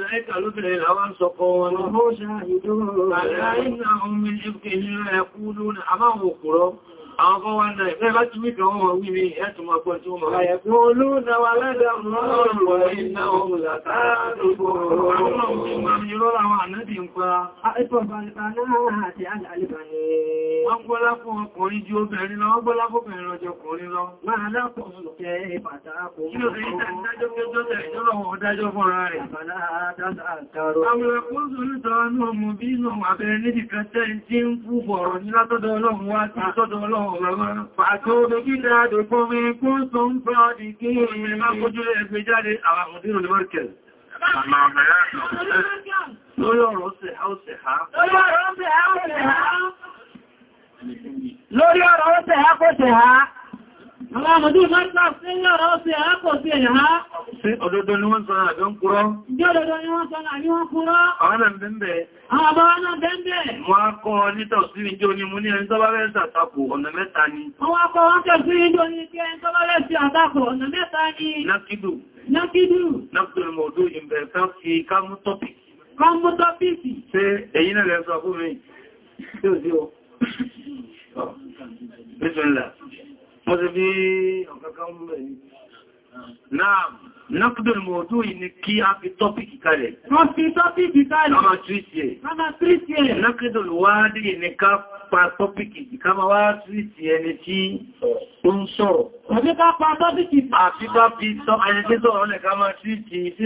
àwọn ìlàwà ń sọkọ wọn lọ àwọn kan wá ń dáì fẹ́ láti wíkà wọn wọ́n wí ní ẹ̀tù máa pọ̀ tí wọ́n máa ráyẹ fún olóòdáwà lẹ́dà mọ́rùn-ún iná ohun látàdùgbò àwọn ọmọ ìrọ́lá wọn ànẹ́bì ń pa ẹ̀tọ́ bá ń ta náà àti alìbàní wọ́n gbọ́lá fún ọkùnrin jí obìnrin lọ wọ́n gbọ́lá fún obìnrin lọ́jọ́ ọkùnrin lọ máa lápọ̀ ọ̀sọ̀kẹ́ ìpàtàkùn kí ló rí ìdájọ́ pé jọ́lẹ̀ ìjọ́lọ̀wọ̀ ọ̀dájọ́ fọ́nra rẹ̀ bàlá àtàtà àtàrò àwọn ẹ̀kùn sọ́lítọ̀ ọmọ bí inú àbẹ̀rẹ̀ nídìí kẹtẹ́ tí ń fún bọ̀rọ̀ ní látọ́dọ̀ ọlọ́run wá sí tọ́dọ̀ ọlọ́run Fàtó méjì dáadé fún mi kún tó ń fẹ́ ọdí kí èmi máa kójú ẹgbẹ́ jáde àwọn òdínú ní Mọ́rìkẹ̀lì. Lórí ọ̀rọ̀ ọ̀sẹ̀ ha ọ̀sẹ̀ ha. Lórí ọ̀rọ̀ kó ṣe ha. Àwọn àmọ̀dé máa ń pàá sí lọ́rọ̀ sí àápọ̀ sí ẹ̀yà ha. Sí òdodo ni wọ́n sọ́nà àjọ ń kúrọ́. Jẹ́ òdodo ni wọ́n sọ́nà àjọ ń kúrọ́. Àwọn náà bẹ́ẹ̀ Àwọn àbáwá náà bẹ́ẹ̀ Wọ́n á kọ́ nítọ̀ sí ìjọ ni mo ní ẹni tó bá rẹ̀ sàtakò ọ̀nà mẹ́ta ni. Wọ́n á kọ́ wọ́n tẹ̀ sí ìjọ ni kí ẹni tó bá rẹ̀ sí àtakò ọ̀nà mẹ́ta ni. Nákídù. Nákídù. Nákídù mọ̀ọ́dún ìbẹ̀ ká fi ká mú tọ́pìkì. Ká mú tọ́pìkì. Ṣé mo ti bí ọ̀kankan mẹ́ náà nákùdùn mọ̀ọ̀dún yìí ni kí a fi tọ́pìkì kalẹ̀. wọ́n fi tọ́pìkì kalẹ̀. ọmọ tírísì ẹ̀. ọmọ tírísì ẹ̀. nákùdùn wáádìí yìí ni ká pa tọ́pìkì ká ma wá tírísì ẹni tí ó ń sọ̀rọ̀. àti ká pa tọ́pìkì. àti ká fi ẹni tí sọ̀rọ̀ lẹ̀ ká ma tírísì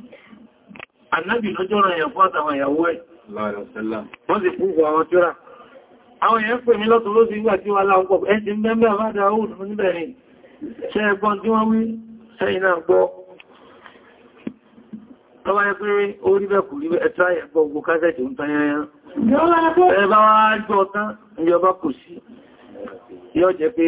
Ànábì lọ́jọ́ ràn yàn fún àtàwọn ìyàwó ẹ̀. Wọ́n sì kú fún àwọn tíra. Àwọn èèyàn pè mí lọ́tọ̀ ló sì gbà tí wà láwọn pọ̀. Ẹ ti mẹ́mẹ́ àmádà ó fún níbẹ̀ ni. Ṣé ẹgbọ́n tí wọ́n wí sẹ́yìn náà gbọ́. Tọ́bá yẹ pé ó rí bẹ́ẹ̀ kù rí bẹ́ẹ̀ ẹ̀tọ́ àyẹ̀gbọ́ ogun kásẹ̀tì ń tanyẹyán. Ẹ bá wá gbọ́ tán, ìjọba kò sí. Yọ́ jẹ́ pé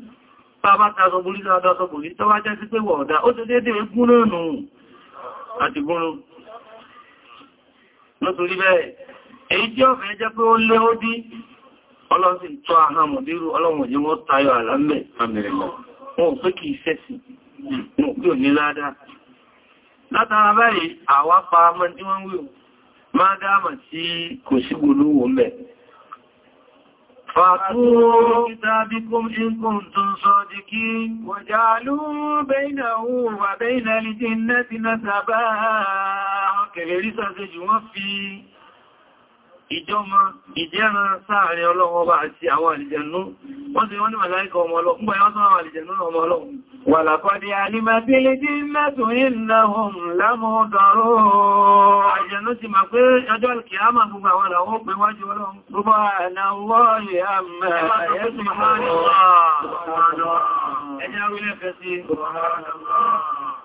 bàbá tàṣọ borí tàṣọ borí tó wá jẹ́ sí pé wọ̀ọ̀dá ó ti dédé gún náà nù àti gúnrú nítorí bẹ́ẹ̀ èyí tí ọ̀fẹ́ jẹ́ pé ó lé ó dí ọlọ́run sì tọ́ àhámọ̀ dérú ọlọ́run yí wọ́n tayọ àlámẹ́ àmìrìnmọ̀ wọn ò pé kì í sẹ́sì wọn kí ò ní ládá látara báyìí àwa فاتوا بكتابكم إن كنتم صادقين وجعلوا بينه وبين الجنة نسبا كبيري سأسجي وفي ìjọmọ ìjẹ́ran sáàrin ọlọ́wọ́ bá àti àwọn àlìjẹ̀nú wọ́n sì wọ́n ní màláíkà ọmọ ọlọ́run ولقد علمت الجنة إنهم لمدرون àjẹ̀nú ti máa pé ọjọ́ ìkìyàmà gbogbo àwọn àwọn òpin wájú ọlọ́run gbogbo àná lọ́yẹ̀ àmà ẹ̀ẹ́sùn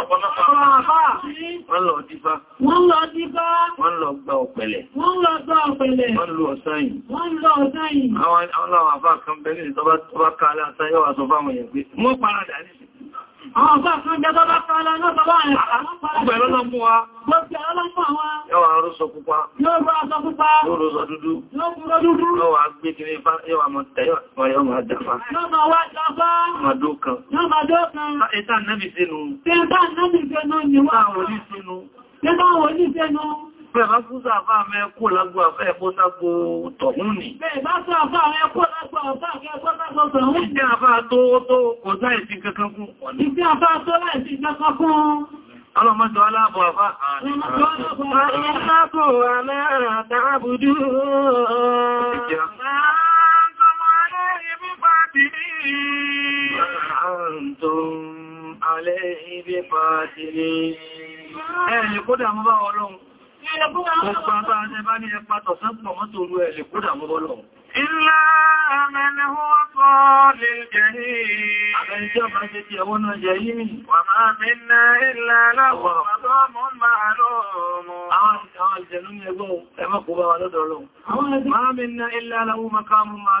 Ọ̀pọ̀lọpọ̀ àwọn àbá wọ́n lọ dífá, wọ́n lọ gba ọ̀pẹ̀lẹ̀, wọ́n lọ ọ̀sán yìí. Àwọn àwọn àbá kan bẹ̀rẹ̀ tó bá ká aláta yọ́wà sọ fáwọn èèyàn pé, mọ́ parádà ní Àwọn kan jẹ́ bọ́bá kan lọ náà bọ́bá àrẹ̀ ọgbẹ̀ lọ́nà mú wa. Gbọ́gbẹ̀ ọlọ́pàá wa. Yọ́wà rọ́sọ pupa. Yóò rọ́sọ dúdú. Yóò rọ́sọ dúdú. Yọ́wà gbé kiri bá mọ̀ tẹ́yọ̀ yọ́ máa dáfà. Yọ́ máa wá dáfà. Máa dó kan. Yọ́ máa dó kan. nẹ́bì sínú. Ẹ̀ta nẹ́bì sínú ni wọ́n. Ẹ̀ta Bẹ́ẹ̀ bá fún sàfá mẹ́ kó lágbó àfẹ́ ẹ̀kọ́ ságbó tọ̀hún Bẹ́ẹ̀ bá fún àfá kó lágbó àfẹ́ ẹ̀kọ́ ságbó tọ̀hún nì. àfá tó láìsí kankan kún. Ọlọ́mọdé aláàbọ̀ mọ́ bá ọlọ́run. Ọ̀pàá bá ṣe bá ní ẹpa tọ̀sán pọ̀ mọ́tò orú ẹ̀ lè kúrò àmúbọ́lọ̀. Ilá àmẹ́ni wọ́n kọ́ lè jẹ́ yìí. Àbẹ́jọ́ bá ṣe ti ẹwọ́n náà jẹ́ yìí. Wà máa mi ná ilá aláwọ̀ ọ̀pàá mọ́ máa lọ́ọ̀mọ́. Àwọn ìjẹ̀lú ní ẹgbọ́n ẹmọ́ wà lọ́dọ̀ ọlọ́run. Máa mi ná ilá aláwọ̀ mọ́ ká mú máa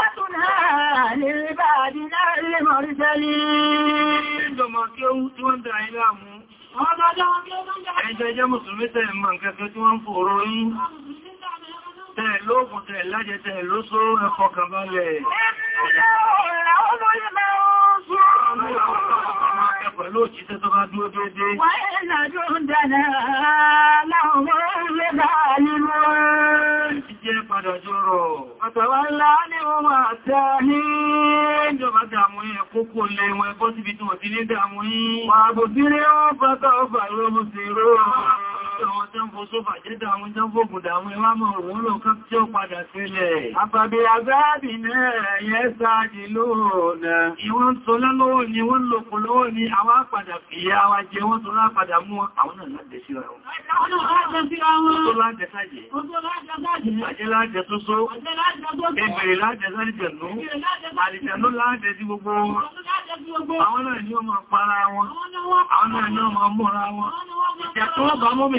وتنهى للعباد لا للمرسلين عندما كنت وانت علامه Àwọn adájọ́ ọjọ́ ìjẹ́ Mùsùlùmí tẹ́ ìmọ̀ nǹkan tí wọ́n ń fòrò yìí tẹ́ lóògùn tẹ́ lájẹ tẹ́ lóṣó ẹfọkànbalẹ̀ Pẹ̀lú òṣìṣẹ́ tó bá dúó dédé. Wọ́n ìrìnà tó ń dáná láwọn ọmọ orílẹ̀ bá nínú rẹ̀. ní wọ́n ní ìjọba dàmú yẹn kókò lè wọn ẹgbọ́ síbi tí wọ́n pé àwọn tẹ́ ń fò sófà jẹ́dà àwọn tẹ́ ń fò gùdà àwọn ẹwà mọ̀ òun lọ kán tí ó padà sílẹ̀. Àpàbí àgbáàbì náà yẹ́ sáàdì lóòrùnà. Ìwọ́n tó lọ́wọ́ ni wọ́n lòkù lọ́wọ́ ni àwọn àpàdà fìyà wa jẹ wọ́n tó lápadà mú àwọn náà láti síra wọn. Àwọn náà ni wọ́n máa para wọn, àwọn náà ni wọ́n máa múra wọn. Ìjẹ̀ tó bá mọ́mì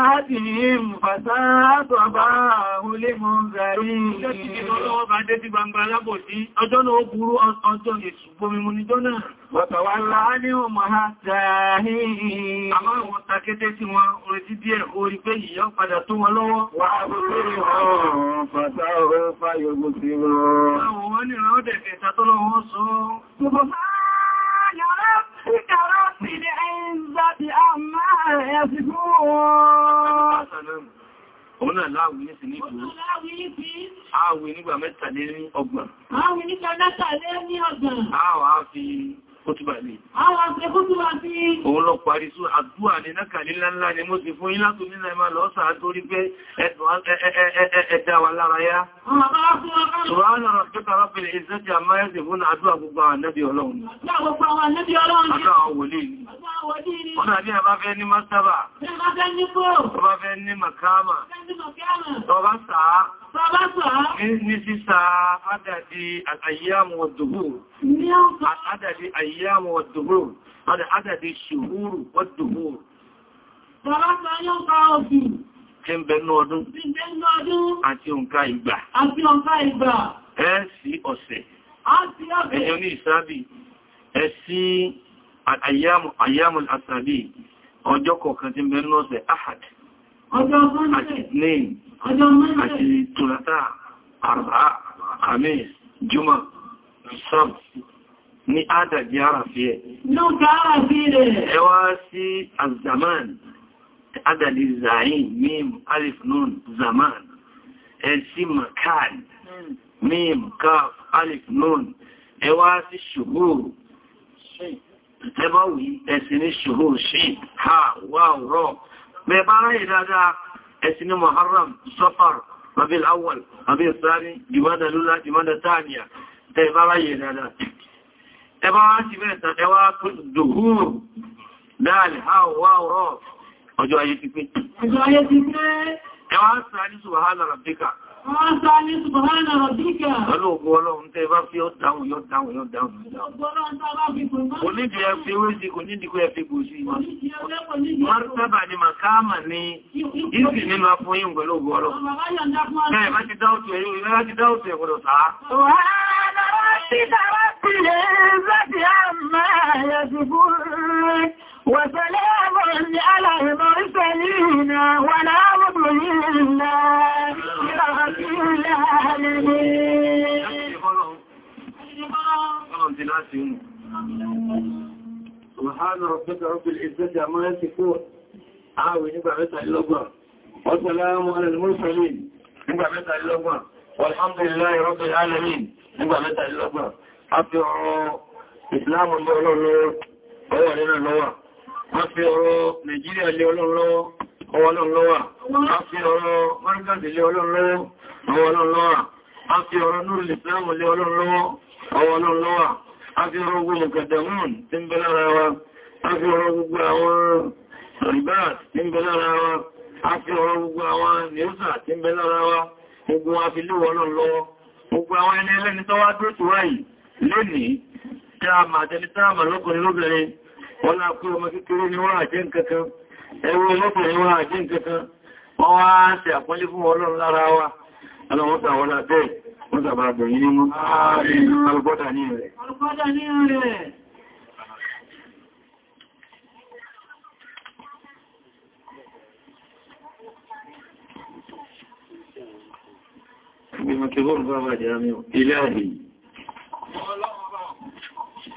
àádìyìn fàtàtò bá ahúlé mọ́ gàrí. Ọjọ́ ti di lọ́wọ́ bá dé ti gbangba alábòsí, ọjọ́ náà ó burú ọjọ́ ìṣùgbómimú níjọ́ náà. Wàtàwà láàárín ọmọ ha tààrí. Àmọ́ àwọn takété tí wọ́n retí díẹ̀ orí pé ìyọ́ padà tó wọn lọ́wọ́. Wà á bú lórí ọ̀rọ̀ fàtà ọ̀rọ̀ fàyọ̀gbò sí wọn. Àwọn wọn ni rán ربك رب العزة عما يصفون Òun náà láàwí ní sí ní ìlú. Àwí nígbà mẹ́tàlé ní ọgbọ̀n. Àwí nígbà mẹ́tàlé ní ọgbọ̀n. Àwà fi kútùbà ní. Àwọn àti kútùbà sí. Òun lọ parí sú àdúà ní nákàlélá ńlá ni mo ti fún yín látò nínú ẹmà lọ́sà àtórí pé ẹ̀dà wà lára yá. Subhana rabbika rabbil izzati amma yasifun àdúà gbogbo àwọn nẹ́bí ọlọ́run. Gbogbo àwọn nẹ́bí ọlọ́run. Àdúà àwọn wòlíì ni. Wọ́n àbí àbá fẹ́ ní Mọ́sábà. Bẹ́ẹ̀ bá fẹ́ ní Bó. Bá fẹ́ ní Màkáàmà. Bá fẹ́ ní Màkáàmà. Bá fẹ́ ní Màkáàmà ní sísá àdàdì àyàmù ọ̀dùhúrù àdàdì àyàmù ọ̀dùhúrù àdàdì ṣùhúrù ọ̀dùhúrù Tọ́lọ́tọ́ yóò bá òfì. Kí ń bẹ̀nú ọdún. Bí ń bẹ̀nú ọdún. Àti òǹkà ìgbà. Àti òǹkà ìgbà. Ẹ sí ọ̀sẹ̀. Á sí ọ̀sẹ̀. Ẹ̀yọ ní ìsáàbì. Ọjọ́ kọ̀ọ̀kan tí ń ọ̀sẹ̀, Ahad ọjọ́ mẹ́rin àti ìtìlẹ́yìn ọjọ́ mẹ́rin àti tùlátà àrà àmì jùmọ̀ sọ́m ní ádàjí ara fi ẹ̀ ẹwà sí azaman ádàdì zayin mim alif nun zaman ẹ sí makan mim kaf alif nun ẹwà sí ṣùgbùrù ẹbáwí ẹ̀sìn ní ṣùgbùrù ṣe ha wà rọ̀ bẹ̀ẹ̀ bá ráyè dáadáa ẹ̀sìn ní Muharram Safar Rabiul Awwal Rabiul Thani Jumada lula Jumada Thaniya tẹ́ẹ̀ bá ráyè dáadáa ẹ bá wá sí mẹ́ta ẹ wá dùhúrù dáàlì háwọ́ ọjọ́ ayé ti pé ẹ wá sàá Wọ́n sá ní Ṣubhánà Rọ̀bíkà. Pẹ̀lú ògbò ọlọ́run tẹ́ bá fi ọ́ dáhùn yọ́ dáhùn yọ́ dáhùn. Onídìí ẹfẹ́ oríṣi kò nídìí kó ẹfẹ́ gbò sí. Márùsábà ni Màkáàmà ni ìsì nínú afúnyìn pẹ̀lú ògbò ọlọ́run. Bẹ́ẹ̀ bá ti dáhùn بحمد ربهم رضي عما يصفون وسلام على المرسلين ولا عبد إلا رسول العالمين سبحان ربك رب العزة عما يصفون عاوي نبع متى اللغة والسلام على المرسلين نبع متى اللغة والحمد لله رب العالمين nígbà mẹ́tàlélọ́gbọ̀n a fi ọ̀rọ̀ ìsìláàmù lé ọlọ́run ọwọ́ rẹ̀ náà lọ́wà a fi ọ̀rọ̀ nàìjíríà lé ọlọ́run lọ́wà a fi ọ̀rọ̀ mọ́rígàdì lé ọlọ́run lọ́wà a fi ọ̀rọ̀ núrùlì ìsìláàmù lé ọlọ́run lọ́wà a fi ọ̀rọ̀ ogun mùkàdàmùn tí ń bẹ lára wa a fi ọ̀rọ̀ gbogbo àwọn rìbáà tí ń bẹ lára wa gbogbo àwọn lọ́wọ́ gbogbo àwọn ẹni ẹlẹ́ni tó wá dúró tíwá yìí lónìí tí a máa tẹni tí a máa lọ́kùnrin lóbìnrin wọ́n lá pé ọmọ kékeré ni wọ́n àjẹ́ nǹkankan ẹwọ lọ́kùnrin wọ́n àjẹ́ nǹkankan wọ́n wá ṣe àpọ́nlé fún ọlọ́run lára wa ọlọ́run tàwọn lábẹ́ wọ́n بمكبور بابا جامع إلهي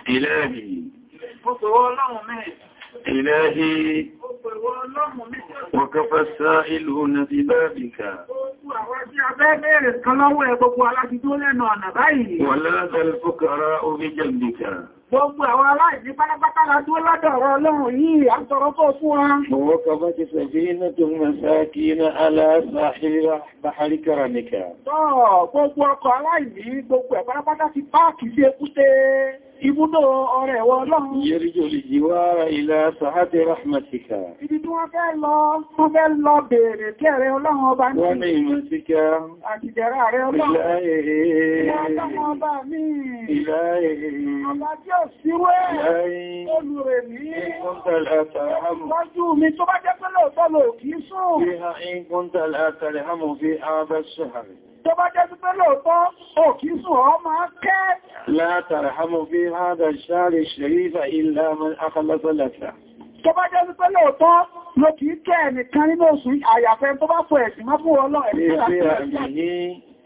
إلهي إلهي وكفى السائل نبي بابك ولا ذا الفكراء بجنبك Gbogbo àwọn aláìsí pátápátá la dúó lọ́dọ̀ ọ̀rọ̀ Ọlọ́run yìí, a ń tọrọ fọ́ fún wa. Owó kọba ti sẹ̀fí iná tó mọ̀ sáàkì iná aláàbáhìrá báhárí kára nìkà. Tọ́ gbogbo ọkọ̀ aláìsí gbogbo ẹ̀ pátápátá ti páàkì sí ekúté ibùdó ọrẹ ẹ̀wọ̀ ọlọ́run yẹrìjò lè jíwá ara ilá sàádé rahmatika ibi tí wọ́n fẹ́ lọ tó fẹ́ lọ bèèrè kẹrẹ ọlọ́run ọba ní wọ́n ní ìmọ̀síká àtìjẹ̀rẹ̀ ààrẹ ọlọ́run ọba tí ó síwé olùrẹ̀ ní wájú mi tó bá jẹ́ pẹ́lẹ̀ ọ̀tọ́lọ̀ kìí sóò tó bá jẹ́ pípẹ́ lóòtọ́ òkísùn ọmọ kẹ́ látàrà hamọ̀ bí hádà ṣáàrì ṣerífà ilá akọlọ́sọ́lẹ̀ta tó bá jẹ́ pípẹ́ lóòtọ́ ló kìí kẹ́ nínú oṣù àyàfẹ́ tó bá fò ẹ̀sìn mọ́ fún ọlọ́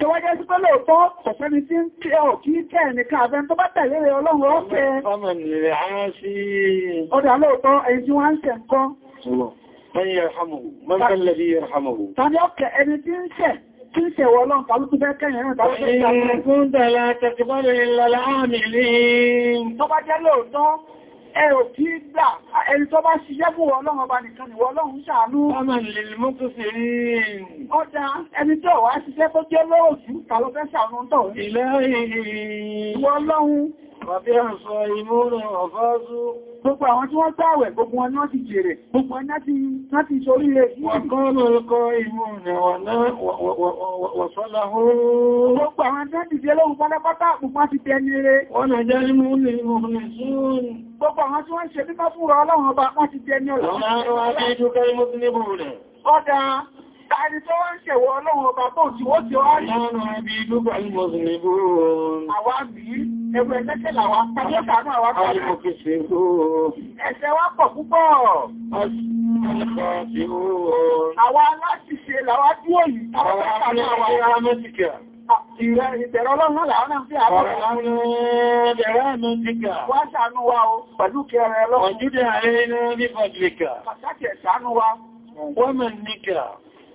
tó wá jẹ́ sípẹ́ lóòótọ́ ọ̀pẹ́ni tí ń tẹ́ ọ̀ kí tẹ́ ẹ̀nìkan àbẹ́ tó bá tẹ̀lé rẹ̀ ọlọ́run ọ̀fẹ́ ọdá lóòótọ́ èyí tí wọ́n ń tẹ̀ ǹkan tàbí ọkẹ̀ ẹni tí ń tẹ̀ kí ń tẹ̀wọ̀ ọlọ́run tàbí tó fẹ́ kẹ́yìn rẹ̀ tàbí tó fẹ́ kẹ́yìn ẹ̀rọ kí gbà ẹni tó bá ṣiṣẹ́ fún ọlọ́run ọba nìkan ni ọlọ́run ṣàánú ọmọ ìlèlè mú tó fi rí ọjà ẹni tó wá ṣiṣẹ́ tó jẹ́ lóòjú tàlọ́fẹ́ ṣàánú tọ̀ Gbogbo àwọn tí wọ́n táwẹ̀ gbogbo wọn náà ti jèrè, gbogbo wọn náà ti ṣorí rẹ̀. Wọ́n kọ́ lọ́lọ́kọ́ ìmú rẹ̀ wọ̀sọ́lá oó. Gbogbo àwọn tí wọ́n ti jẹ́ lóhun pátápátá gbogbo ti tẹni rẹ̀. Wọ́n nà jẹ́ rímú ní ìmú rẹ̀ sún. Gbogbo àwọn tí wọ́n ṣe bí Tàbí tó wá ń ṣèwọ ọlọ́run ọba tó ti wó ti wá rí. Lọ́nà ibi lúgbà ní Mọ̀sùlùmí gbóòrùn. Àwa bí ẹgbẹ́ ẹgbẹ́ làwà pàdé ọ̀tàánú àwa pàdé. Àwọn òkèṣe gbóòrùn. Ẹ̀ṣẹ̀ wa pọ̀ púpọ̀. Àwa láti ṣe làwà dúró yìí. Àwọn aláàrẹ àwọn amẹ́sìkà. Ìrẹ́ ìtẹ̀rọ ọlọ́run làwọn náà fi àwọn ọ̀rẹ́ amẹ́sìkà. Wá ṣàánú wa o, pẹ̀lú kẹrẹ ọlọ́run. Ọjúdẹ̀ àrẹ inú ní Fọ́dìlìkà. Pàtàkì ẹ̀ṣàánú wa. Wọ́n mẹ́ níkà.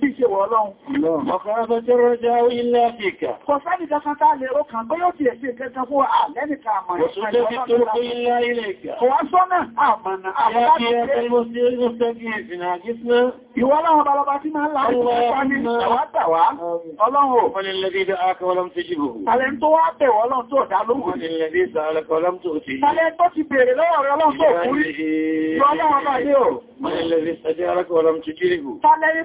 bí ṣe wọ ọlọ́run. Ọ̀fẹ́rẹ́fẹ́ jẹ́ rọ́já ilẹ̀ Áfíríkà. Kọ̀sẹ́ni kankan tá lè rọ kan bóyọ́ ti ẹ̀gbẹ́ kẹta fún àlẹ́nìkà àmàrà. Ọ̀sọ́lẹ́ fi tó rọ́ ilẹ̀ ilẹ̀ ìkà. Kọ̀wá sọ́nà àmàrà. Àwọn akẹ́ ẹgbẹ́ mọ́ sí ẹgbẹ́ sẹ́gbẹ́ ìsìnà àgísná. Ìwọ́n láwọn balọba tí máa ń láàrín àwátàwá. Ọlọ́run ò. Wọ́n ni lẹ́dí àkọ́ ọlọ́run ti jìbò. Alẹ́ tó wá bẹ̀wọ̀ ọlọ́run tó dá lóhùn. Wọ́n ni lẹ́dí ìsàlẹ̀kọ́ ọlọ́run tó ti. Alẹ́ tó ti bèèrè lọ́wọ́ rẹ̀ ọlọ́run tó kúrí. Lọ́lọ́run bá yóò. Wọ́n ni lẹ́dí ìsàjẹ́ arákọ̀ ọlọ́run ti jìrìgù. Tàlẹ́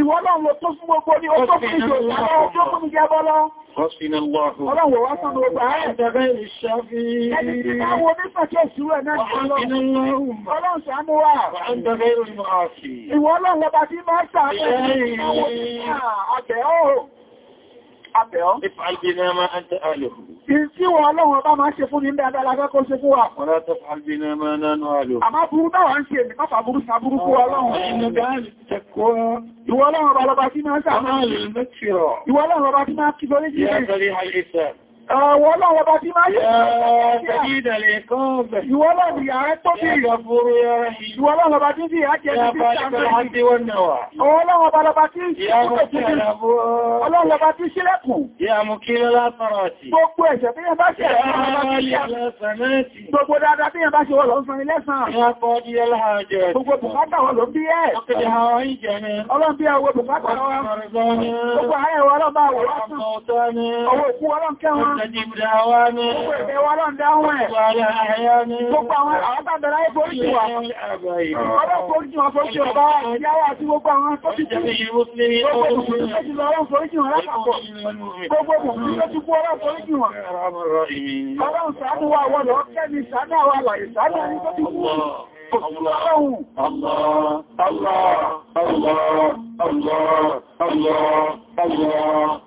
Ìwọ́nà lọ tó fún gbogbo ní ọjọ́ fún ìjọ ìjọba ọjọ́ fún ìjọba lọ. Ọlọ́wọ̀ wá sọ́nà ọgbà ẹ̀ẹ̀dẹ̀rẹ̀ ìṣẹ́fí. Ẹni tí àwọn onífẹ́kẹ́ ìṣúrẹ̀ náà ọlọ́run ṣàánú wa. Ìwọ́nà lọ bá tí máa ṣàánú. Ìsí wọn ọlọ́run bá máa ṣe fún ní dáadáa lágbàkọ́ ṣe fún wa. Ọ̀rọ̀ tó fàájínà máa nánú àlò. Àmá burú báwọn ń ṣe ní pápá burú sàbúrú fún ọlọ́run. Ẹni dáàlì tẹ́kọ́. Ìwọ ọlọ́run bá lọ bá kí máa ń sáà. Ọmọ Àwọn ọlọ́wọ́ bá ti máa yẹ́ ẹ̀ẹ́dẹ̀ ìdẹ̀lẹ̀ kan bẹ̀. Ìwọ́lọ́bì ààrẹ tó bí ìrọ̀fúrú ẹ̀rẹ́. Ìwọ́lọ́wọ́ bá ti bí àjẹ́ ti bí ṣàmì. Ọlọ́wọ́ bá lọ bá ti ṣílẹ̀kùn. Ìyàmù kí lọ́lá tọrọ sí. Gbogbo ẹ̀ṣẹ̀ tí yẹn bá ṣẹ̀ Gbogbo dáadáa tí yẹn bá ṣe wọ́n lọ ń sanni lẹ́sàn. Ìyàpọ̀ di ẹlẹ́hàjẹ̀. Gbogbo bùkátà wọ́n ló bí ẹ̀. Ọkẹ̀dẹ̀ àwọn ìjẹni. Ọlọ́n bí ẹwọ bùkátà wọ́n. Gbogbo ayẹwọ́ ọlọ́bàá wọ́n. Ọwọ́ Allah, Allah, Allah, Allah, Allah, Allah, ṣàánú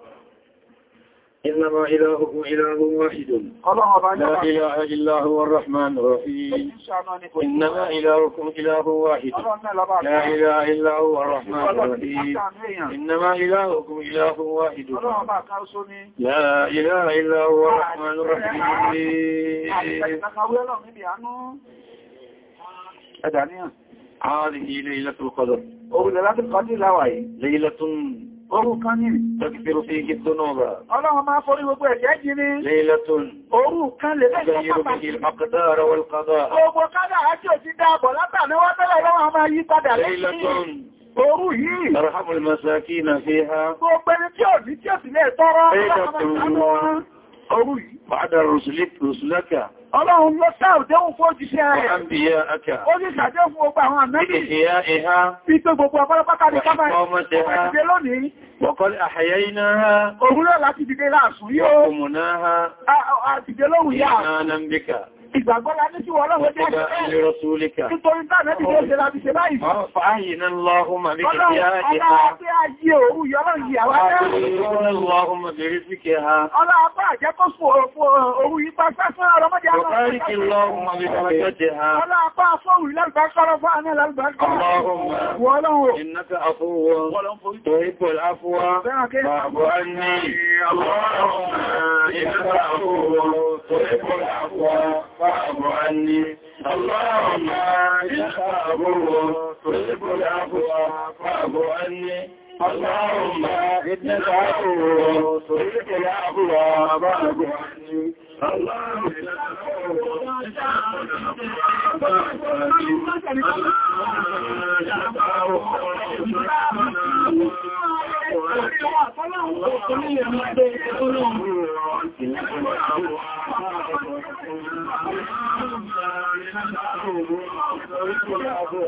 إنما إلهكم إله واحد لا إله إلا هو الرحمن الرحيم إنما إلهكم إله واحد لا إله إلا هو الرحمن الرحيم إنما إلهكم إله واحد لا إله إلا هو الرحمن الرحيم هذه ليلة القدر ليلة القدر لا وعي ليلة Orú kan ní tọ́kìfẹ́rú fi igi tó náà bá. Ọlọ́run máa fọ́rí gbogbo ẹ̀ṣẹ̀ jí ní. Léìlá tó ń. Orú kan lè lẹ́gbẹ̀ẹ́ yóò fi àkàtà ara wọl kádà. Ogbò kádà àti òtí dáàbọ̀ látàrí wọ́n tẹ́lẹ̀ lọ́wọ́ máa yí padà lẹ́yìn. Orú yìí. Arhamul masakina fiha. Gbogbo ẹni tí ò ní tí ò sí lẹ́ẹ̀tọ́rọ́. Ẹjọ́ tó wọ́n. Orú yìí. Bàdà Rùsùlẹ́kà. Ọlọ́run ló sáàdéhùn fún òjíṣẹ́ rẹ̀. Ó ní sàdéhùn fún ọgbà àwọn àmẹ́bì. Fi tó gbogbo ọpọlọpátá ní kábà ìdíje lónìí. Wọ̀kọ́lẹ̀ àhẹyẹ iná ha. Òwúrọ̀ láti dìde láàsùn yóò. Òmùná ha. Àtìdé lóhùn Ìgbàgbọ́ la ní kí wọ́n lọ́wọ́ jẹ́ ṣe nítorí náà nẹ́bí tó ṣe láti ṣe báyìí. Fàáyìnà Allahumma bí kí á jẹ́ ha. Ọlọ́run tí a jí òru yọ́lọ́ yìí àwọn ẹ̀rọ. Fàáyìnà Allahumma bí kí á jẹ́ ha. Ọlọ́run bá jẹ́ kó sùn òru yìí bá sásán ọlọ́mọdé àwọn ọmọdé. Fàáyìnà Allahumma bí kí á jẹ́ ha. Ọlọ́run bá fọ́wù lálùbákọ́rọ̀ fún àná lálùbákọ́rọ̀. Allahumma. Wọ́n lọ́wọ́. Innaka afuwwun. Tuhibbul afwa. Fa'fu anni. Allahumma. Innaka afuwwun. Tuhibbul afwa. فاعف عني اللهم يخافه تحب العفو فاعف عني اللهم إنك عفو تحب العفو فاعف عني اللهم إنك عفو Ọlọ́run Thank you.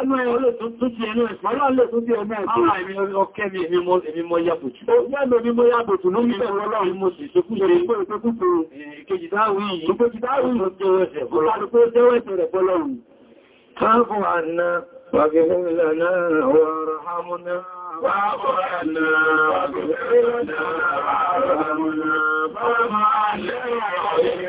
Ọmọ ẹ̀ olóòtún tún ti ẹnu ẹ̀fọ́ lọ́lọ́ tún ti ọmọ ẹ̀kọ́. Àwọn àìmí ọkẹ́ mi èmi mọ yàbòtù. Ó yàbò ní mọ yàbòtù ló mú ìfẹ́ ọlọ́run mo sì ṣe kúrò ìgbò ìpẹ́kùtù ìkejì dáwì yìí. Ìkejì dáwì yìí ló jẹ́ ẹsẹ̀. Ó lálù pé ó jẹ́ ẹsẹ̀ rẹ̀ fọ́lọ́run. Káàbù àná, wàgẹ̀rẹ̀ lánà, wàrà hàmúnà, wàbù àná, wàgẹ̀rẹ̀ lánà, wàrà hàmúnà, bàbá àlẹ́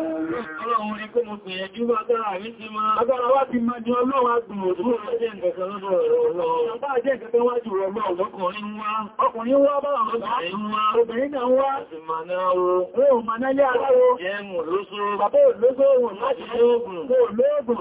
mo gbìyànjú agbára rí ti máa agbára wá ti máa jẹ ọlọ́wà gbìyànjú ọjẹ́ ìgbẹ̀sẹ̀ lọ́dọ̀ ọlọ́run bá jẹ́ ìgbẹ̀sẹ̀ wájú ọlọ́run lọ́kùnrin wá ọkùnrin wá bá àwọn ọmọdé wá obìnrin náà wá ìmọ̀náwó ohun mọ̀nálẹ́ aláwó ẹmù lóṣó bàbá olóṣó ohun láti lóògùn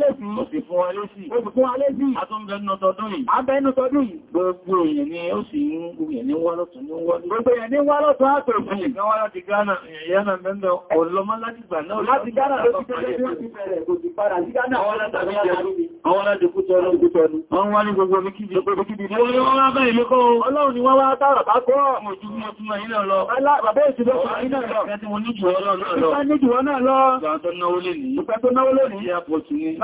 lẹ́lẹ́sì ó sì fún alẹ́sì ó sì fún alẹ́sì àtúnbẹ̀ẹ́nù tọdún yìí abẹ́nù tọdún yìí gbogbo èèyàn ni ó sì ń gbogbo èèyàn ni wá lọ́tún ní wọ́n gbogbo èèyàn ni wá lọ́tún àtòkùn ìgbà wá láti Ghana ìyànà mẹ́ndọ̀ ọlọ́mọ láti gbà náà láti Ghana ló ti bẹ̀rẹ̀ kò sì padà sí Ghana àwọn látàrí àwọn aládìkú tọ́lọ́ ìgbútọ́lú wọ́n wá ní gbogbo bí kíbi wọ́n wá bá ìlú kọ́ ọlọ́run ni wọ́n wá tààrà bá kọ́ ọmọ ìjúmọ̀ tún náà ilẹ̀ lọ bàbá ìṣẹ́lẹ̀ ọ̀rọ̀ ilẹ̀ lọ ìpẹ́ tó náwó lè ní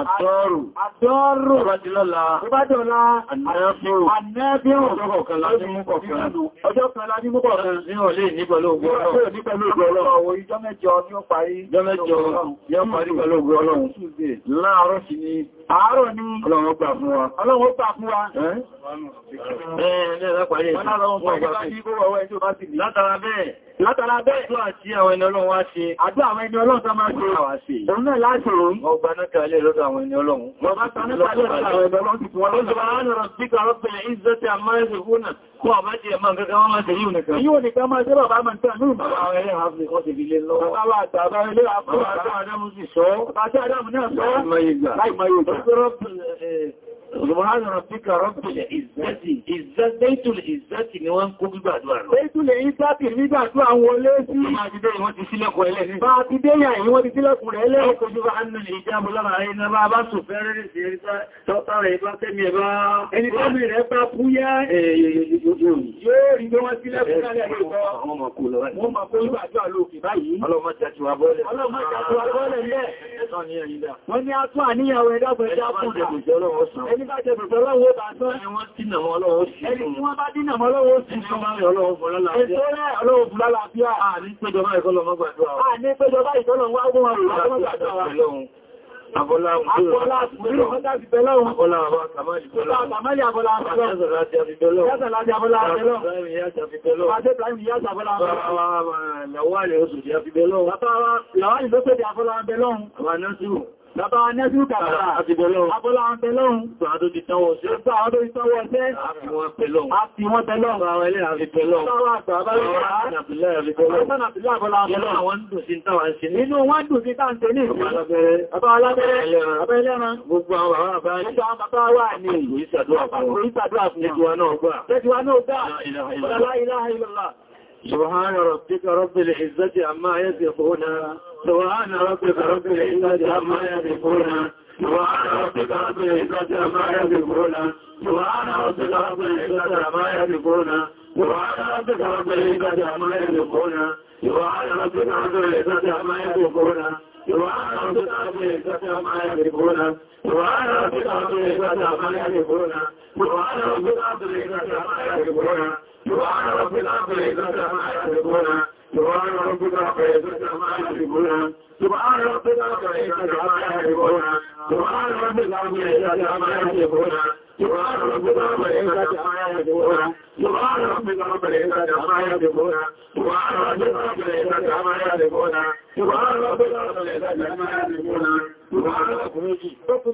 Àtọ́rù. Àtọ́rù. Ọbájúlọ́la. Ìbádọ́lá. Ànẹ́bíò. Ànẹ́bíò. Ọjọ́ kan láti mú kọ̀ọ̀kan. Ọjọ́ kan láti mú kọ̀ọ̀kan. Ní ọ̀lẹ́ ní pẹ̀lú ògbò ọlọ́run. Ní pẹ̀lú ògbò ọlọ́run. Ìjọ́ mẹ́jọ ni ó parí. Ìjọ́ mẹ́jọ ni ó parí pẹ̀lú ògbò ọlọ́run. Láàárọ̀ sí ni. Àárọ̀ ni. Ọlọ́run ó gbà fún wa. Ọlọ́run ó gbà fún wa. Ẹ́ ní ẹ̀rọ parí ẹ̀sùn. Ọlọ́run ó gbà fún wa. Látara bẹ́ẹ̀. Látara bẹ́ẹ̀. Àdúrà tí àwọn ẹni ọlọ́run wá ṣe. Àdúrà àwọn ẹni ọlọ́run tó máa ṣe. Òun náà láti rò. Ọgbà náà kẹta ilé lọ́dọ̀ àwọn ẹni ọlọ́run. Wọ́n bá tán nípa lọ́dọ̀ àwọn ẹni ọlọ́run ti wọ́n lọ́dọ̀ àwọn ẹni ọlọ́run ti wọ́n lọ́dọ̀ àwọn ẹni ọlọ́run ti wọ́n lọ́dọ̀ àwọn ẹni ọlọ́run ti wọ́n lọ́dọ̀ àwọn ẹni ọlọ́run ti wọ́n lọ́dọ̀ àwọn ẹni ọlọ́run ti wọ́n lọ́dọ̀ àwọn ẹni ọlọ́run ti wọ́n lọ́dọ̀ àwọn ẹni ọlọ́run ti wọ́n lọ́dọ̀ àwọn ẹni ọlọ́run ti wọ́n lọ́dọ̀ àwọn ẹni ọlọ́run ti wọ́n lọ́dọ̀ àwọn ẹni ọlọ́run ti wọ́n lọ́dọ̀ Subhan rabbika rabbil izzati izzatatul izzati ni wọ́n kó gbígbàdúrà lọ. Baitul izzati gbígbàdúrà wọlé sí. Bá ti dé ìwọ́n ti sílẹ̀kùn rẹ̀ lẹ́ni. Bá ti dé ìyà ìwọ́n ti sílẹ̀kùn rẹ̀ lẹ́ni. Ọkọ̀ jùlọ annul ìjábọ̀ lára ayé na bá bá sùn fẹ́rẹ́ rí sí ẹ̀rí tọ́tàrà ìbá tẹ́mi ẹ̀bá. Ẹni tọ́mi rẹ̀ bá fúyá yóò rí bí wọ́n sílẹ̀kùn rẹ̀ lẹ́ni. Wọ́n mọ̀ kú lọ. Wọ́n mọ̀ kú gbígbàdúrà lókè báyìí. Ọlọ́mọ jẹ́ ti wà bọ́ọ̀lẹ̀. Ọlọ́mọ jẹ́ ti wà bọ́ọ̀lẹ̀ lẹ́ ẹni bá jẹ́ bẹ̀bẹ̀ ọlọ́wọ́ bá tán ẹ̀wọ́n tí nà mọ́ ọlọ́wọ́ sí ẹni tí wọ́n bá dínà mọ́ ọlọ́wọ́ sí ìjọba ọlọ́wọ́ fọ́lá láàáfíà àní péjọba ìkọlọ̀mọ́ gbàdúrà àní péjọba ìkọlọ̀mọ́ gbàdúrà Abọ́lá Abọ́lá Abọ́lá Bàbá Nẹ́sù Kàbà, Abọ́lá wọn tẹ́lọ́run, Bàbá tó ti tánwọ́ sí, Bàbá tó ti tánwọ́ sí, Àfi wọn tẹ́lọ́run, Àfi wọn tẹ́lọ́run, Bàbá ilé àfi tẹ́lọ́run, Bàbá àgbà, Bàbá ilé àwọn dùn sí tánwà sí, Inú wọn dùn sí tánwà sí ní ìlú, Bàbá alábẹ́rẹ́, Bàbá ilé ẹran, Gbogbo àwọn bàbá ní, Bàbá wà ní ìlú ìsàdúwà fún, Ìsàdúwà fún, Ìjọwà náà gbà, Ìjọwà náà gbà, Ìlàhà ìlàhà ìlàhà. سبحان ربك رب العزة عما يصفون سبحان ربك رب العزة عما يصفون سبحان ربك رب العزة عما يصفون سبحان ربك رب العزة عما يصفون سبحان ربك رب العزة عما يصفون سبحان ربك رب العزة عما يصفون سبحان ربك رب العزة عما يصفون سبحان ربك رب العزة عما يصفون سبحان ربك رب العزة عما يصفون سبحان ربك رب العزة عما يصفون سبحان ربك رب العزة عما يصفون سبحان ربك رب العزة عما يصفون سبحان ربك رب العزة عما يصفون سبحان ربك رب العزة عما يصفون سبحان ربك رب العزة عما يصفون سبحان ربك رب العزة عما يصفون سبحان ربك رب العزة عما يصفون Tọ́kù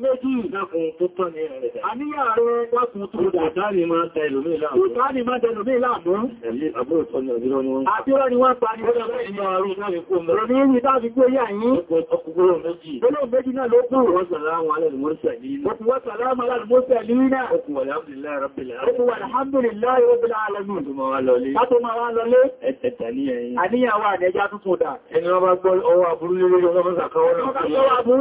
méjì ìdákun tó tọ́ ní ẹ̀rẹ̀. Àníyà rẹ̀ dákun tó dàdá ní máa tẹ ìlú mílá. Tó dàdá ní máa tẹ ìlú mílá mọ́. Ẹ̀lé àbúrò tọ́ ní ọdún lọ́nà wọn. Àbí wọ́n ni wọ́n parí ọjọ́ ìrìn àrùn náà ní kó mẹ́rọ ní ìrìn dáàbí gbé yà yín. Ọkùnrin méjì. Olóòrùn méjì náà ló kú. Wọ́n sàlámù alẹ́lùmọ́sẹ̀lì. Wọ́n ti wọ́n sàlámù alẹ́lùmọ́sẹ̀lì náà. Ọkùnrin alhamdulillah rabbil alamin. Ọkùnrin alhamdulillah rabbil alamin. Tó máa wá lọlé. Tó máa wá lọlé. Ẹ̀tẹ̀tẹ̀ níyà yín. Àníyàwó àdẹjá tuntun dà. Ẹni wọ́n bá gbọ́ ọwọ́ àbúrú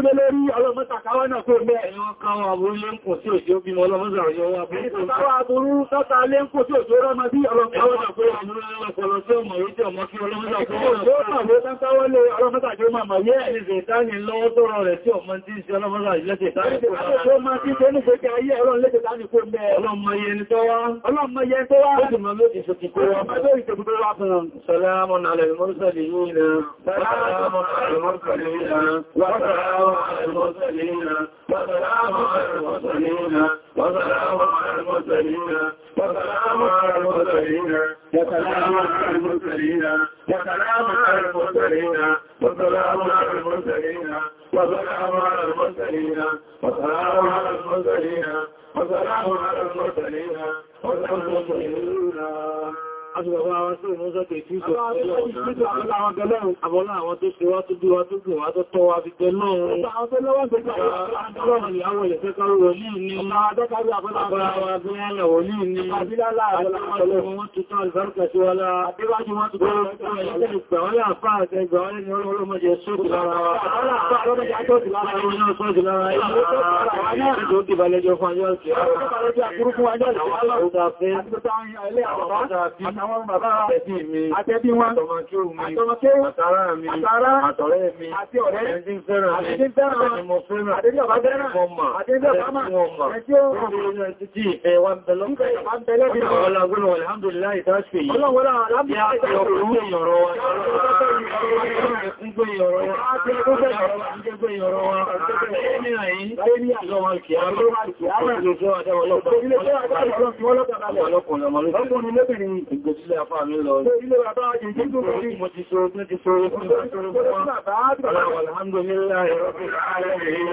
lélé lórí ọlọ́mọ́tàkáwà náà kó bẹ́ ẹ̀yàn káwọn àbúrú lẹ́nkùn tí òjò bímọ ọlọ́mọ́sàrọ̀ yọ wá bí i tàbí àbúrú tọ́ta lẹ́nkùn tí òjò rọ́mọ bí ọlọ́mọ́sàrọ̀ yọ wá bí i Salamun ala al-mursalin. Salamun ala al-mursalin. Wa salamun وسلام على المرسلين وسلام على المرسلين وسلام على المرسلين وسلام على المرسلين وسلام على المرسلين وسلام على المرسلين وسلام على المرسلين وسلام على المرسلين وسلام على المرسلين Aṣùgbọ̀n àwọn aṣọ́ ìmọ́sọ́tò ìtúsọ̀ àbọ́lá àwọn tó ṣe wá tó bí wá tó gùn wá tó tọ́ wá fi jẹ náà. Àwọn tó lọ́wọ́ tó gbà àwọn ìyàwó ìfẹ́ kọrọ wòlí ní àbádákàrí àbọ́lá àwọn agbóyánlẹ̀ wòlí ní àbílá láàrín àwọn tó tán àlùbáríkà sí wọ́lá. Àbíwájú wọ́n tó gbọ́rọ̀ ẹgbẹ̀rẹ̀ wọ́n yà fáà ẹgbẹ̀rẹ̀ wọ́n ni ọlọ́mọdé ṣókù lára wa. Àbọ́lá àpá ọlọ́mọdé àjọ́ ìlànà ìrìnà ṣókù lára ilé tó dìbàlẹ́jọ́ fún ajọ́ ìkẹ́ àwọn bàbá àtẹ́bí mi àtẹ́bí wọn àtọmọkí àtàrà mi àtọ̀rẹ́ mi àti ọ̀rẹ́ ẹni tí fẹ́ràn mi àti mo fẹ́ràn àti ọba fẹ́ràn ọmọ àti ọba mọ̀ ẹni tí ó rọ̀ ẹni tí ìfẹ́ wa ń bẹ lọ́pẹ́ Ọlọ́pùn lọ́mọlú. Ọlọ́pùn lọ́mọlú ilé àfá mi lọ ilé bàbá jìjì tó rí mo ti sọ ogun ti sọ ogun alhamdulillahi rabbil alamin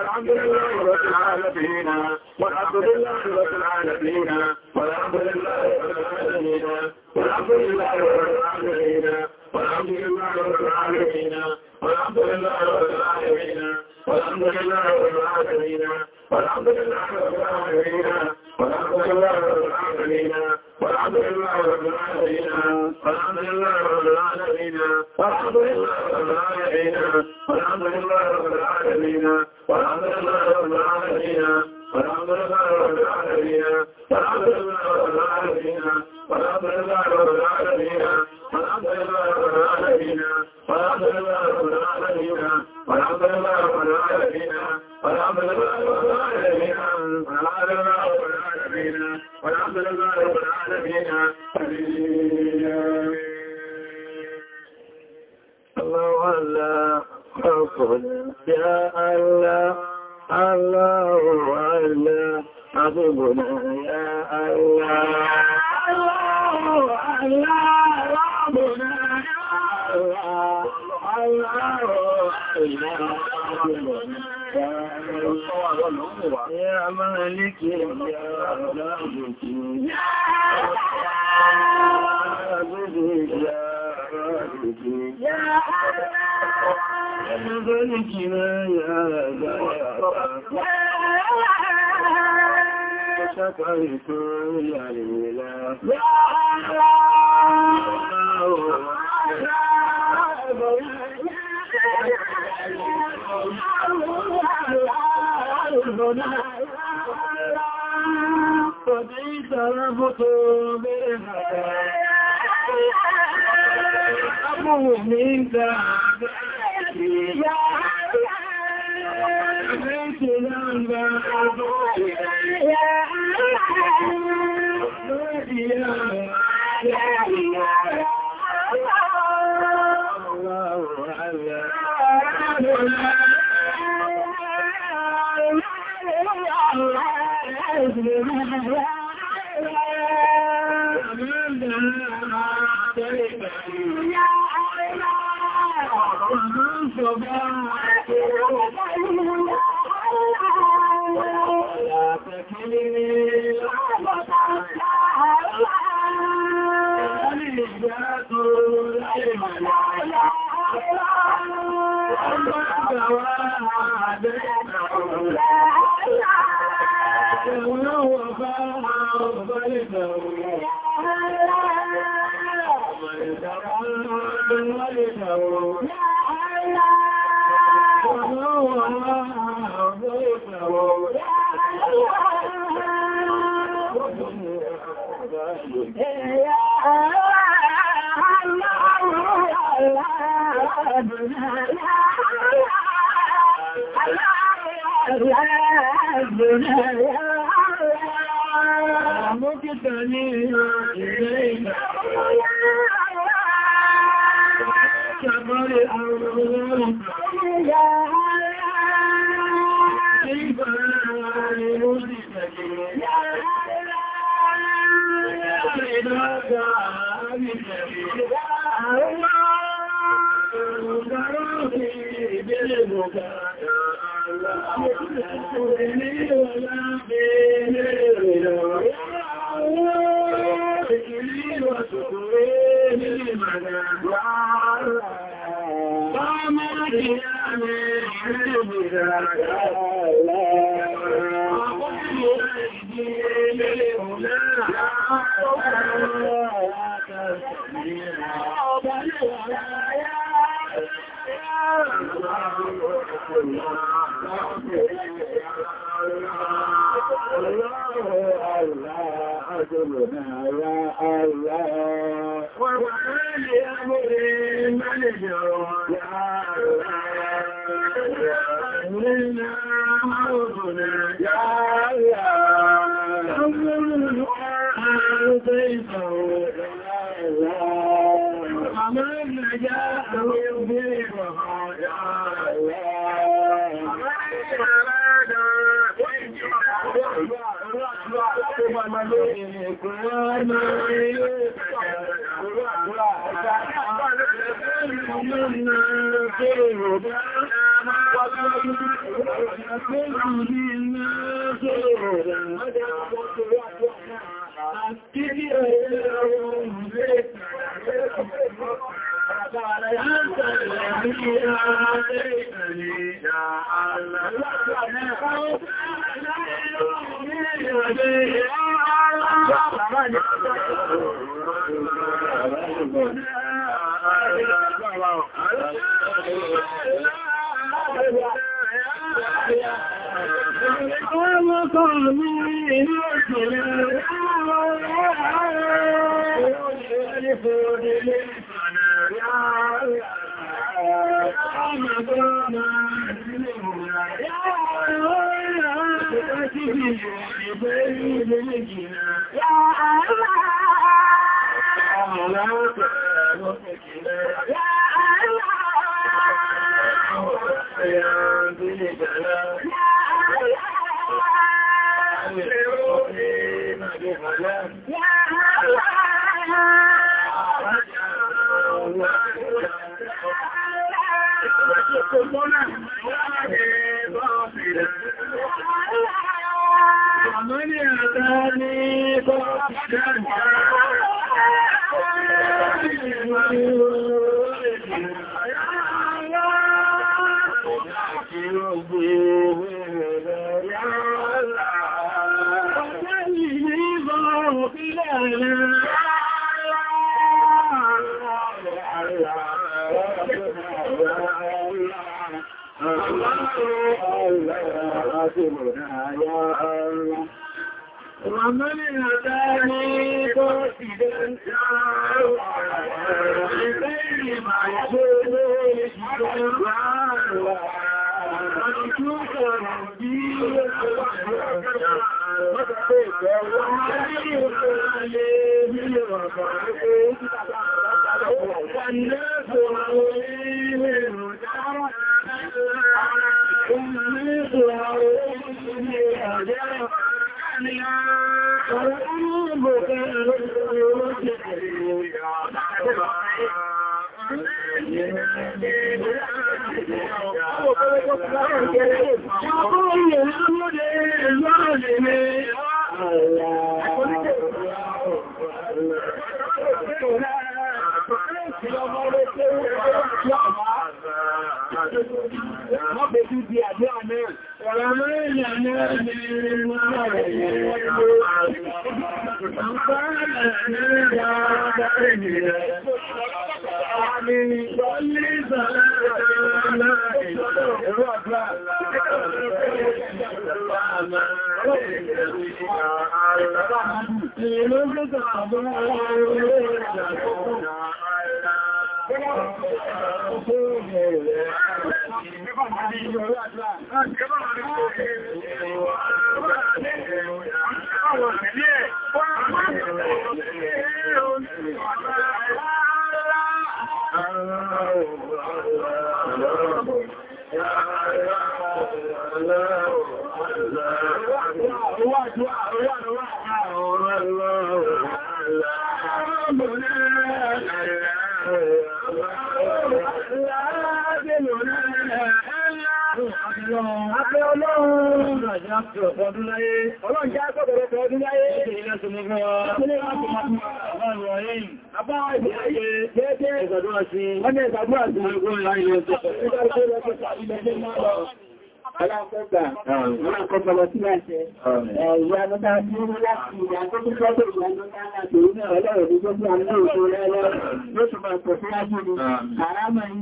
alhamdulillahi rabbil alamin alhamdulillahi rabbil alamin alhamdulillahi rabbil alamin alhamdulillahi rabbil alamin alhamdulillahi rabbil alamin alhamdulillahi rabbil alamin alhamdulillahi rabbil alamin alhamdulillahi rabbil alamin Oh Yeah. Yeah. brother. máa ń